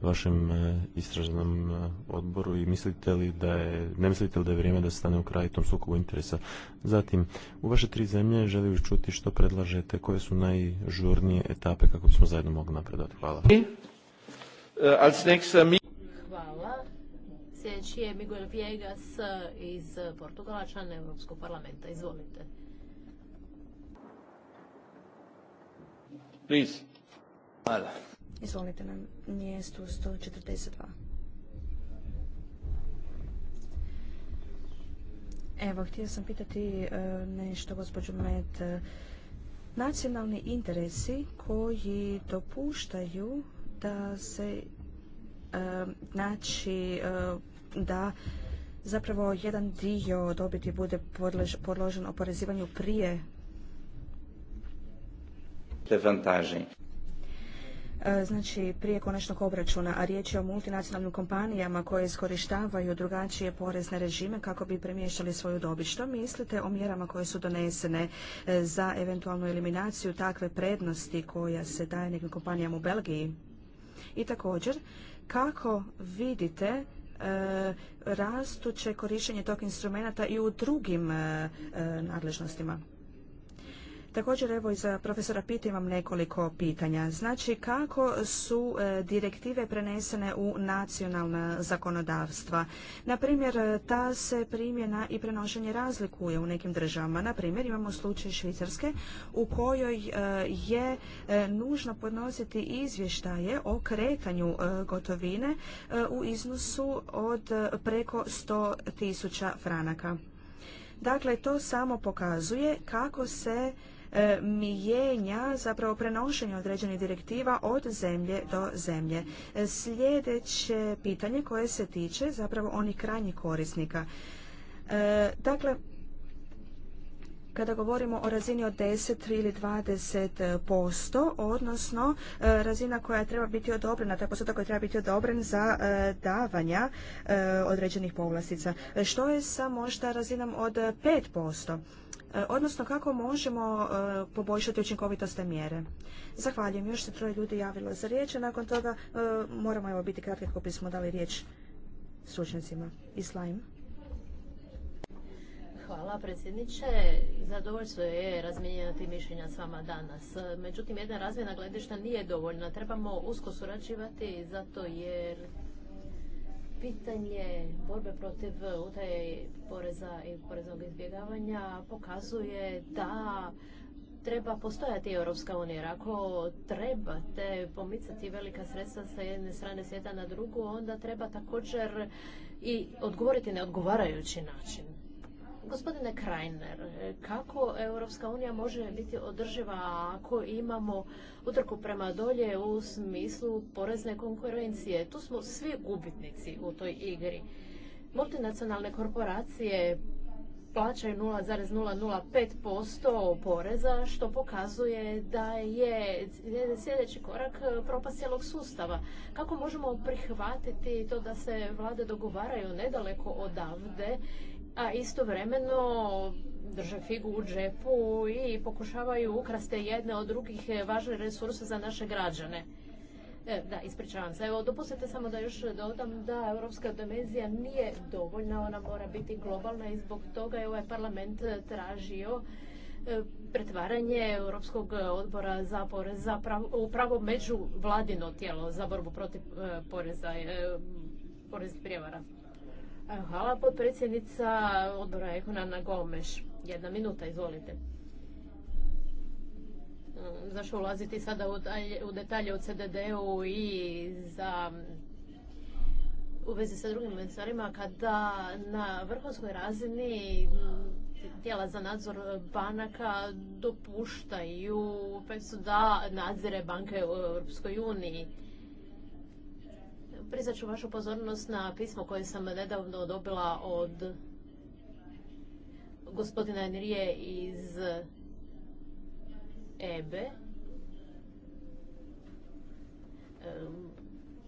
vašem e, istražnom odboru i mislite li da je, ne mislite li da je vrijeme da se stane u kraju tom sukobu interesa? Zatim, u vaše tri zemlje želim čuti što predlažete, koje su najžurnije etape kako bismo zajedno mogli napredati. Hvala. Eh, als nächster Hvala. Sljedeći je Miguel Viegas eh, iz Portugala, član Europskog parlamenta. Izvolite. Please. Hvala. Izvolite nam mjestu 142. Evo, htio sam pitati eh, nešto, gospođo met Nacionalni interesi koji dopuštaju da se e, znači e, da zapravo jedan dio dobiti bude podložen oporezivanju prije e, Znači, prije konačnog obračuna, a riječ je o multinacionalnim kompanijama koje iskorištavaju drugačije porezne režime kako bi premještali svoju dobit. Što mislite o mjerama koje su donesene za eventualnu eliminaciju takve prednosti koja se daje nekim kompanijama u Belgiji? I također, kako vidite e, rastuće korištenje tog instrumenta i u drugim e, e, nadležnostima. Također evo i za profesora Pita imam nekoliko pitanja. Znači kako su e, direktive prenesene u nacionalna zakonodavstva? Na primjer, ta se primjena i prenošenje razlikuje u nekim državama. Na imamo slučaj Švicarske u kojoj e, je e, nužno podnositi izvještaje o kretanju gotovine u iznosu od preko sto tisuća franaka. Dakle, to samo pokazuje kako se E, mijenja zapravo prenošenje određenih direktiva od zemlje do zemlje. E, sljedeće pitanje koje se tiče zapravo onih krajnjih korisnika. E, dakle, kada govorimo o razini od 10 ili 20 posto, odnosno razina koja treba biti odobrena, taj postotak koji treba biti odobren za davanja određenih povlastica. Što je sa možda razinom od 5 posto? E, odnosno kako možemo e, poboljšati učinkovitost te mjere. Zahvaljujem, još se troje ljudi javilo za riječ, a nakon toga e, moramo evo biti kratki kako bismo dali riječ stručnjacima i Hvala predsjedniče. Zadovoljstvo je razmijenjati mišljenja s vama danas. Međutim, jedna razmjena gledišta nije dovoljna. Trebamo usko surađivati zato jer pitanje borbe protiv utaje poreza i poreznog izbjegavanja pokazuje da treba postojati Europska unija. Jer ako trebate pomicati velika sredstva sa jedne strane svijeta na drugu, onda treba također i odgovoriti na odgovarajući način. Gospodine Krajner, kako Europska unija može biti održiva ako imamo utrku prema dolje u smislu porezne konkurencije? Tu smo svi gubitnici u toj igri. Multinacionalne korporacije plaćaju 0,005% poreza, što pokazuje da je sljedeći korak propast cijelog sustava. Kako možemo prihvatiti to da se vlade dogovaraju nedaleko odavde a istovremeno drže figu u džepu i pokušavaju ukraste jedne od drugih važne resurse za naše građane. E, da, ispričavam se. Evo, dopustite samo da još dodam da europska dimenzija nije dovoljna, ona mora biti globalna i zbog toga je ovaj parlament tražio e, pretvaranje Europskog odbora za porez pravo među vladino tijelo za borbu protiv e, poreza, porez prijevara. E, hvala, potpredsjednica odbora Ekonana Gomeš. Jedna minuta, izvolite. E, zašto ulaziti sada u detalje o CDD-u i za u vezi sa drugim mensarima kada na vrhunskoj razini tijela za nadzor banaka dopuštaju pa da nadzire banke u Europskoj uniji. Prizat ću vašu pozornost na pismo koje sam nedavno dobila od gospodina Enrije iz EBE.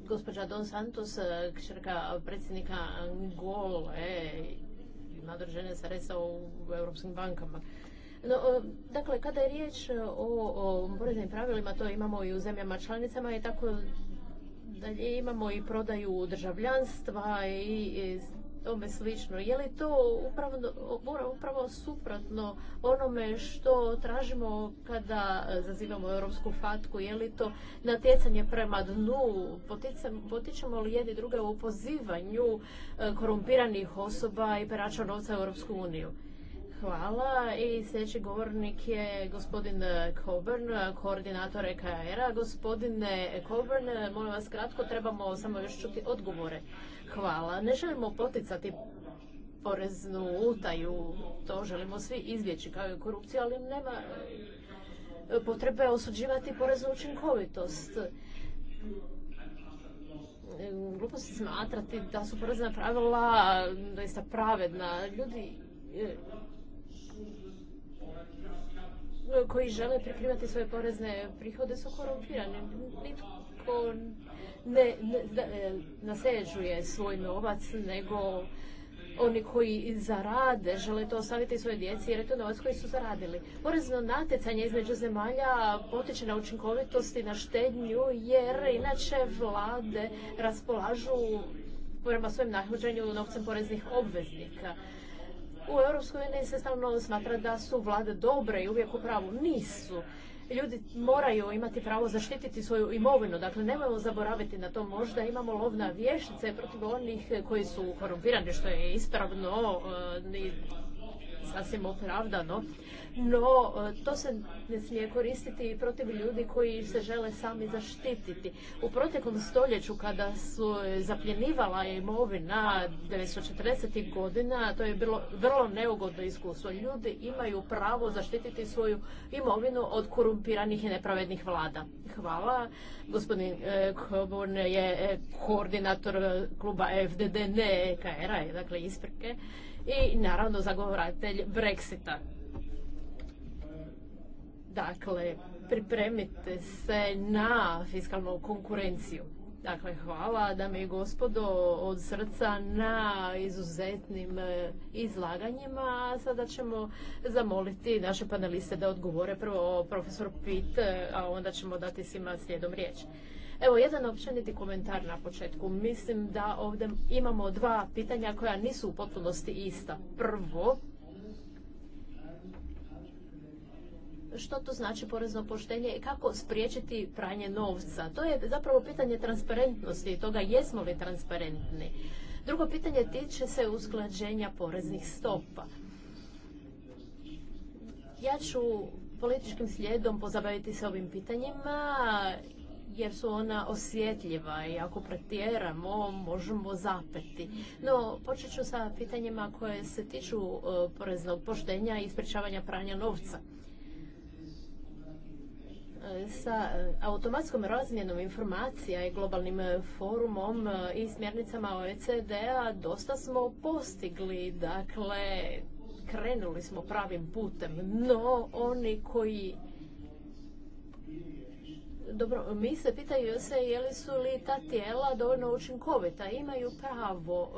Gospođa Don Santos, kćerka predsjednika Angole, ima sredstva u europskim bankama. No, dakle, kada je riječ o, o poreznim pravilima, to imamo i u zemljama članicama i tako Dalje imamo i prodaju državljanstva i tome slično. Je li to upravo, suprotno onome što tražimo kada zazivamo europsku fatku? Je li to natjecanje prema dnu? Potičemo li jedni druge u pozivanju e, korumpiranih osoba i perača novca u Europsku uniju? Hvala. I sljedeći govornik je gospodin Coburn, koordinator EKR-a. Gospodine Coburn, molim vas kratko, trebamo samo još čuti odgovore. Hvala. Ne želimo poticati poreznu utaju, to želimo svi izvjeći kao i korupciju, ali nema e, potrebe osuđivati poreznu učinkovitost. E, glupo se smatrati da su porezna pravila doista pravedna. Ljudi e, koji žele prikrivati svoje porezne prihode su korumpirani. Nitko ne, ne e, svoj novac, nego oni koji zarade, žele to ostaviti svoje djeci jer je to novac koji su zaradili. Porezno natjecanje između zemalja potiče na učinkovitost i na štednju jer inače vlade raspolažu prema svojem nahođenju novcem poreznih obveznika. U EU se stalno smatra da su vlade dobre i uvijek u pravu. Nisu. Ljudi moraju imati pravo zaštititi svoju imovinu, dakle nemojmo zaboraviti na to možda imamo lovna vješnice protiv onih koji su korumpirani, što je ispravno e, i sasvim opravdano no e, to se ne smije koristiti i protiv ljudi koji se žele sami zaštititi. U proteklom stoljeću kada su e, zapljenivala imovina 1940. godina, to je bilo vrlo neugodno iskustvo. Ljudi imaju pravo zaštititi svoju imovinu od korumpiranih i nepravednih vlada. Hvala. Gospodin e, Koborn je koordinator kluba FDD, ne EKR-a, dakle isprke, i naravno zagovoratelj Brexita. Dakle, pripremite se na fiskalnu konkurenciju. Dakle, hvala dame i gospodo od srca na izuzetnim e, izlaganjima. sada ćemo zamoliti naše paneliste da odgovore. Prvo profesor Pitt, e, a onda ćemo dati svima slijedom riječ. Evo, jedan općeniti komentar na početku. Mislim da ovdje imamo dva pitanja koja nisu u potpunosti ista. Prvo, što to znači porezno poštenje i kako spriječiti pranje novca. To je zapravo pitanje transparentnosti i toga jesmo li transparentni. Drugo pitanje tiče se usklađenja poreznih stopa. Ja ću političkim slijedom pozabaviti se ovim pitanjima jer su ona osjetljiva i ako pretjeramo možemo zapeti. No, počet ću sa pitanjima koje se tiču e, poreznog poštenja i sprječavanja pranja novca sa e, automatskom razmjenom informacija i globalnim e, forumom e, i smjernicama OECD-a dosta smo postigli. Dakle, krenuli smo pravim putem. No, oni koji dobro, mi se pitaju se je li su li ta tijela dovoljno učinkovita, imaju pravo.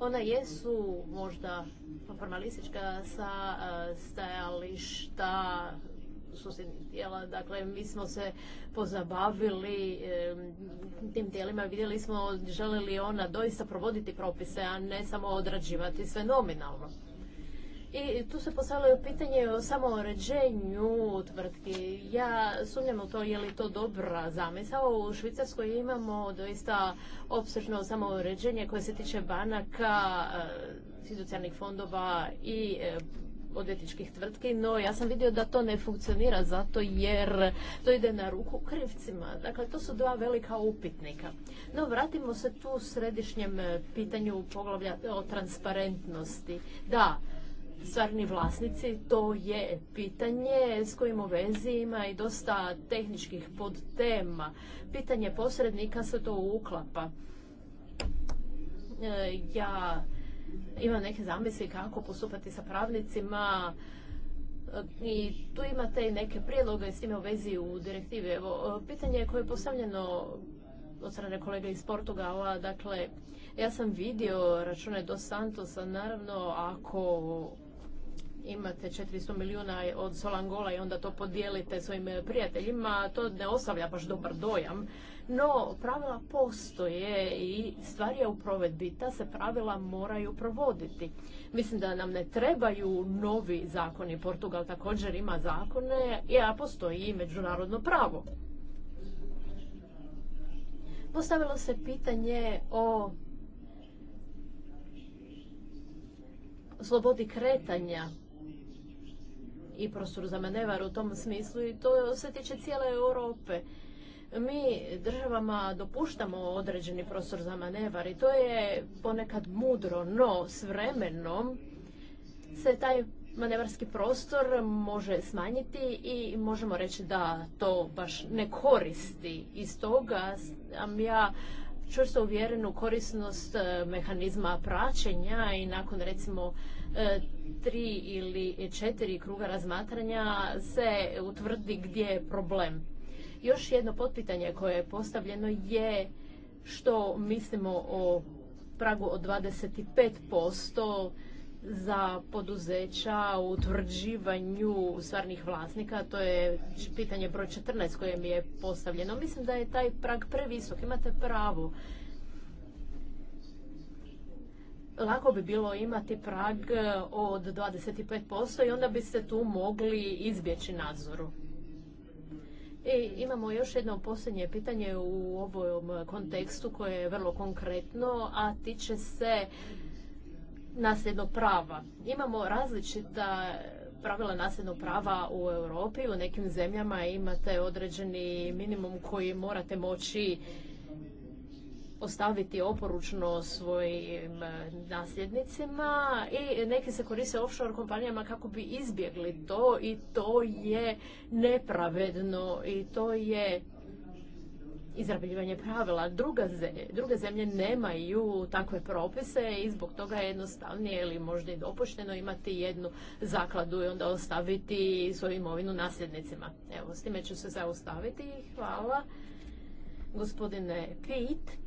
Ona jesu možda formalistička sa stajališta susjednih tijela. Dakle, mi smo se pozabavili tim tijelima, vidjeli smo žele li ona doista provoditi propise, a ne samo odrađivati sve nominalno. I tu se postavljaju pitanje o samouređenju tvrtki. Ja sumnjam u to je li to dobra zamisao. U Švicarskoj imamo doista opsežno samoređenje koje se tiče banaka, eh, socijalnih fondova i eh, odvjetničkih tvrtki, no ja sam vidio da to ne funkcionira zato jer to ide na ruku krivcima. Dakle, to su dva velika upitnika. No, vratimo se tu središnjem eh, pitanju poglavlja o transparentnosti. Da, stvarni vlasnici, to je pitanje s kojim u vezi ima i dosta tehničkih podtema. Pitanje posrednika se to uklapa. Eh, ja ima neke zamisli kako postupati sa pravnicima e, i tu imate i neke prijedloge s time u vezi u direktivi. Evo, e, pitanje koje je postavljeno od strane kolega iz Portugala, dakle, ja sam vidio račune do Santosa, naravno, ako imate 400 milijuna od Solangola i onda to podijelite svojim prijateljima, to ne ostavlja baš dobar dojam. No, pravila postoje i stvar je u provedbi. Ta se pravila moraju provoditi. Mislim da nam ne trebaju novi zakoni. Portugal također ima zakone, a postoji i međunarodno pravo. Postavilo se pitanje o slobodi kretanja i prostoru za manevar u tom smislu i to se tiče cijele Europe mi državama dopuštamo određeni prostor za manevar i to je ponekad mudro, no s vremenom se taj manevarski prostor može smanjiti i možemo reći da to baš ne koristi. Iz toga sam ja čvrsto uvjeren u korisnost e, mehanizma praćenja i nakon recimo e, tri ili četiri kruga razmatranja se utvrdi gdje je problem. Još jedno potpitanje koje je postavljeno je što mislimo o pragu od 25% za poduzeća u utvrđivanju stvarnih vlasnika. To je pitanje broj 14 koje mi je postavljeno. Mislim da je taj prag previsok. Imate pravo. Lako bi bilo imati prag od 25% i onda biste tu mogli izbjeći nadzoru. I e, imamo još jedno posljednje pitanje u ovom kontekstu koje je vrlo konkretno, a tiče se nasljednog prava. Imamo različita pravila nasljednog prava u Europi, u nekim zemljama imate određeni minimum koji morate moći ostaviti oporučno svojim e, nasljednicima i neki se koriste offshore kompanijama kako bi izbjegli to i to je nepravedno i to je izrabljivanje pravila. Druga zemlje, druge zemlje nemaju takve propise i zbog toga je jednostavnije ili možda i dopušteno imati jednu zakladu i onda ostaviti svoju imovinu nasljednicima. Evo, s time ću se zaustaviti. Hvala. Gospodine Kate,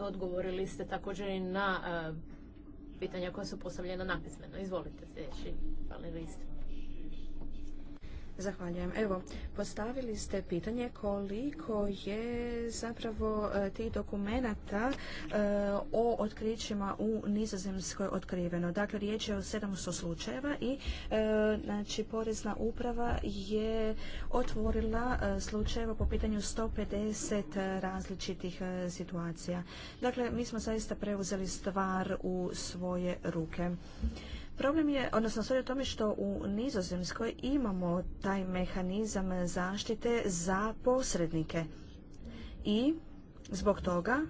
odgovorili ste također i na e, pitanja koja su postavljena napismeno. Izvolite, sljedeći panelist. Zahvaljujem. Evo, postavili ste pitanje koliko je zapravo e, tih dokumenata e, o otkrićima u Nizozemskoj otkriveno. Dakle, riječ je o 700 slučajeva i e, znači, Porezna uprava je otvorila slučajeva po pitanju 150 različitih situacija. Dakle, mi smo zaista preuzeli stvar u svoje ruke. Problem je, odnosno stvar je u tome što u Nizozemskoj imamo taj mehanizam zaštite za posrednike i zbog toga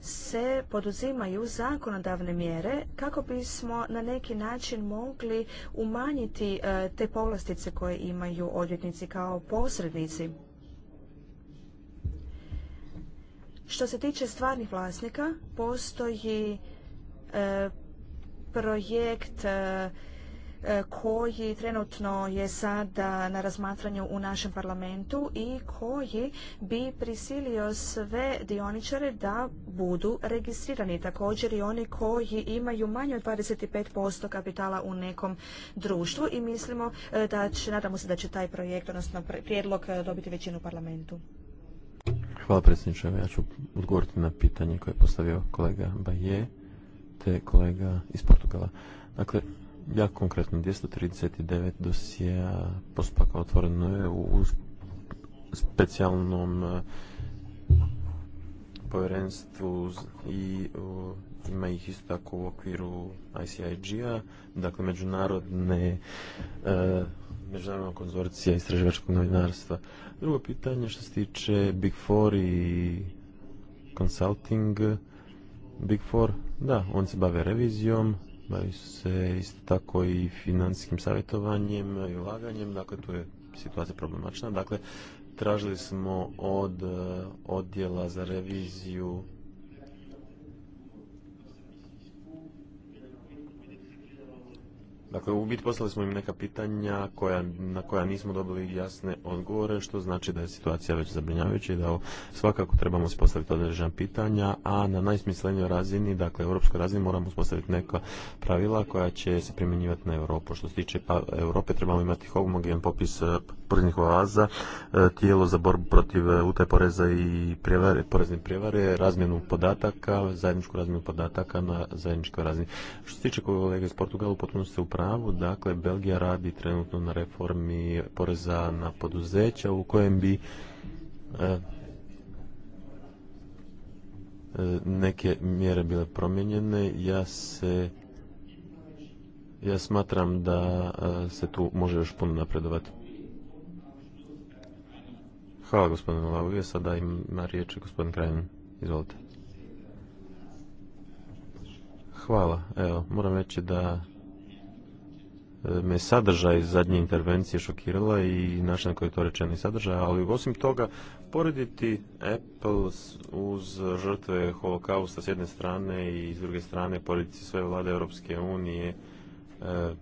se poduzimaju zakonodavne mjere kako bismo na neki način mogli umanjiti e, te povlastice koje imaju odvjetnici kao posrednici. Što se tiče stvarnih vlasnika, postoji e, projekt e, e, koji trenutno je sada na razmatranju u našem parlamentu i koji bi prisilio sve dioničare da budu registrirani. Također i oni koji imaju manje od 25% kapitala u nekom društvu i mislimo e, da će, nadamo se da će taj projekt, odnosno prijedlog dobiti većinu u parlamentu. Hvala predsjedniče, ja ću odgovoriti na pitanje koje je postavio kolega Baje te kolega iz Portugala. Dakle, ja konkretno, 239 dosija pospaka otvoreno je u specijalnom e, povjerenstvu i e, ima ih isto tako u okviru ICIG-a, dakle međunarodne e, konzorcija istraživačkog novinarstva. Drugo pitanje što se tiče Big Four i consulting, Big Four, da, on se bave revizijom, bavi se isto tako i financijskim savjetovanjem i ulaganjem, dakle tu je situacija problematična. Dakle, tražili smo od e, odjela za reviziju Dakle, u biti poslali smo im neka pitanja koja, na koja nismo dobili jasne odgovore, što znači da je situacija već zabrinjavajuća i da svakako trebamo postaviti određena pitanja, a na najsmislenijoj razini, dakle, europskoj razini moramo postaviti neka pravila koja će se primjenjivati na Europu. Što se tiče pa, Europe, trebamo imati homogen popis poreznih oaza, e, tijelo za borbu protiv e, utaj poreza i prijevare, porezne prijevare, razmjenu podataka, zajedničku razmjenu podataka na zajedničkoj razini. Što se tiče kolega iz Portugalu, potpuno ste u pravu, dakle, Belgija radi trenutno na reformi poreza na poduzeća u kojem bi e, neke mjere bile promijenjene. Ja se ja smatram da se tu može još puno napredovati. Hvala gospodinu je Sada ima riječ gospodin Krajin. Izvolite. Hvala. Evo, moram reći da e, me sadržaj zadnje intervencije šokirala i način na koji je to rečeno i sadržaj, ali osim toga porediti Apple uz žrtve holokausta s jedne strane i s druge strane porediti sve vlade Europske unije E,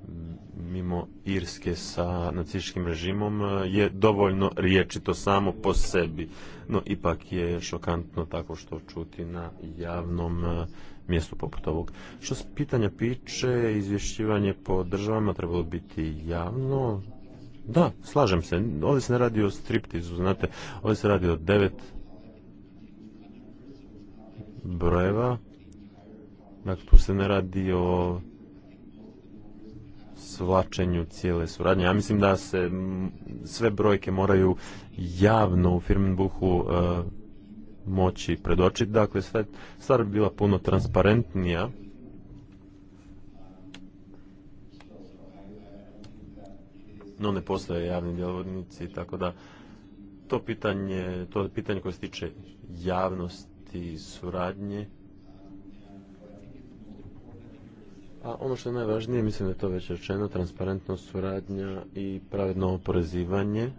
mimo Irske sa nacističkim režimom e, je dovoljno riječito samo po sebi. No, ipak je šokantno tako što čuti na javnom e, mjestu poput ovog. Što se pitanja piče, izvješćivanje po državama trebalo biti javno. Da, slažem se. Ovdje se ne radi o striptizu, znate. Ovdje se radi o devet brojeva. Dakle, tu se ne radi o svlačenju cijele suradnje. Ja mislim da se sve brojke moraju javno u Firmenbuhu e, moći predočiti. Dakle, sve, stvar bi bila puno transparentnija. No, ne postoje javni djelovodnici, tako da to pitanje, to pitanje koje se tiče javnosti suradnje, A ono što je najvažnije, mislim da je to već rečeno, transparentnost suradnja i pravedno oporezivanje.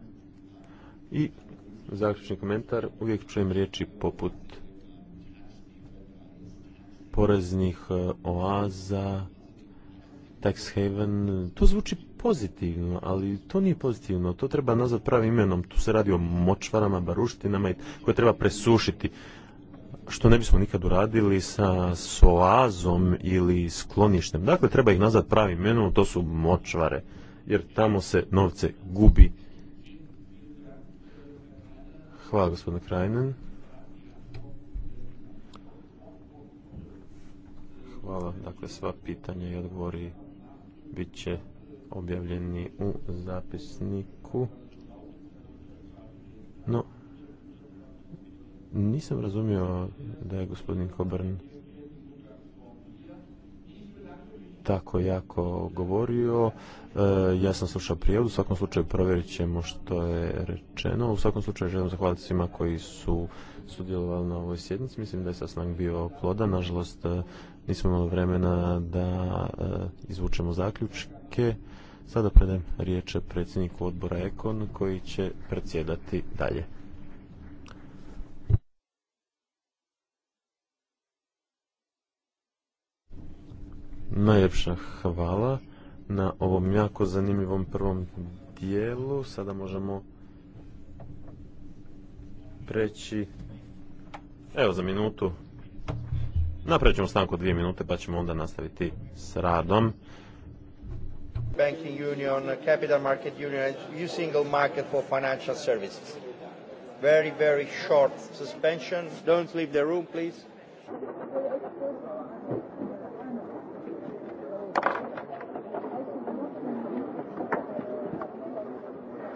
I zaključni komentar, uvijek čujem riječi poput poreznih e, oaza, tax haven, to zvuči pozitivno, ali to nije pozitivno, to treba nazvat pravim imenom, tu se radi o močvarama, baruštinama koje treba presušiti što ne bismo nikad uradili sa soazom ili skloništem. Dakle, treba ih nazad pravim imenom, to su močvare, jer tamo se novce gubi. Hvala gospodine Krajnen. Hvala, dakle sva pitanja i odgovori bit će objavljeni u zapisniku. No, nisam razumio da je gospodin Coburn tako jako govorio. E, ja sam slušao prijevod, u svakom slučaju provjerit ćemo što je rečeno. U svakom slučaju želim zahvaliti svima koji su sudjelovali na ovoj sjednici. Mislim da je sastanak bio ploda. Nažalost, e, nismo imali vremena da e, izvučemo zaključke. Sada predajem riječ predsjedniku odbora Ekon koji će predsjedati dalje. Najljepša hvala na ovom jako zanimljivom prvom dijelu. Sada možemo preći evo za minutu napravit ćemo stanku dvije minute pa ćemo onda nastaviti s radom banking union, uh, capital market union, new single market for financial services. Very, very short suspension. Don't leave the room, please.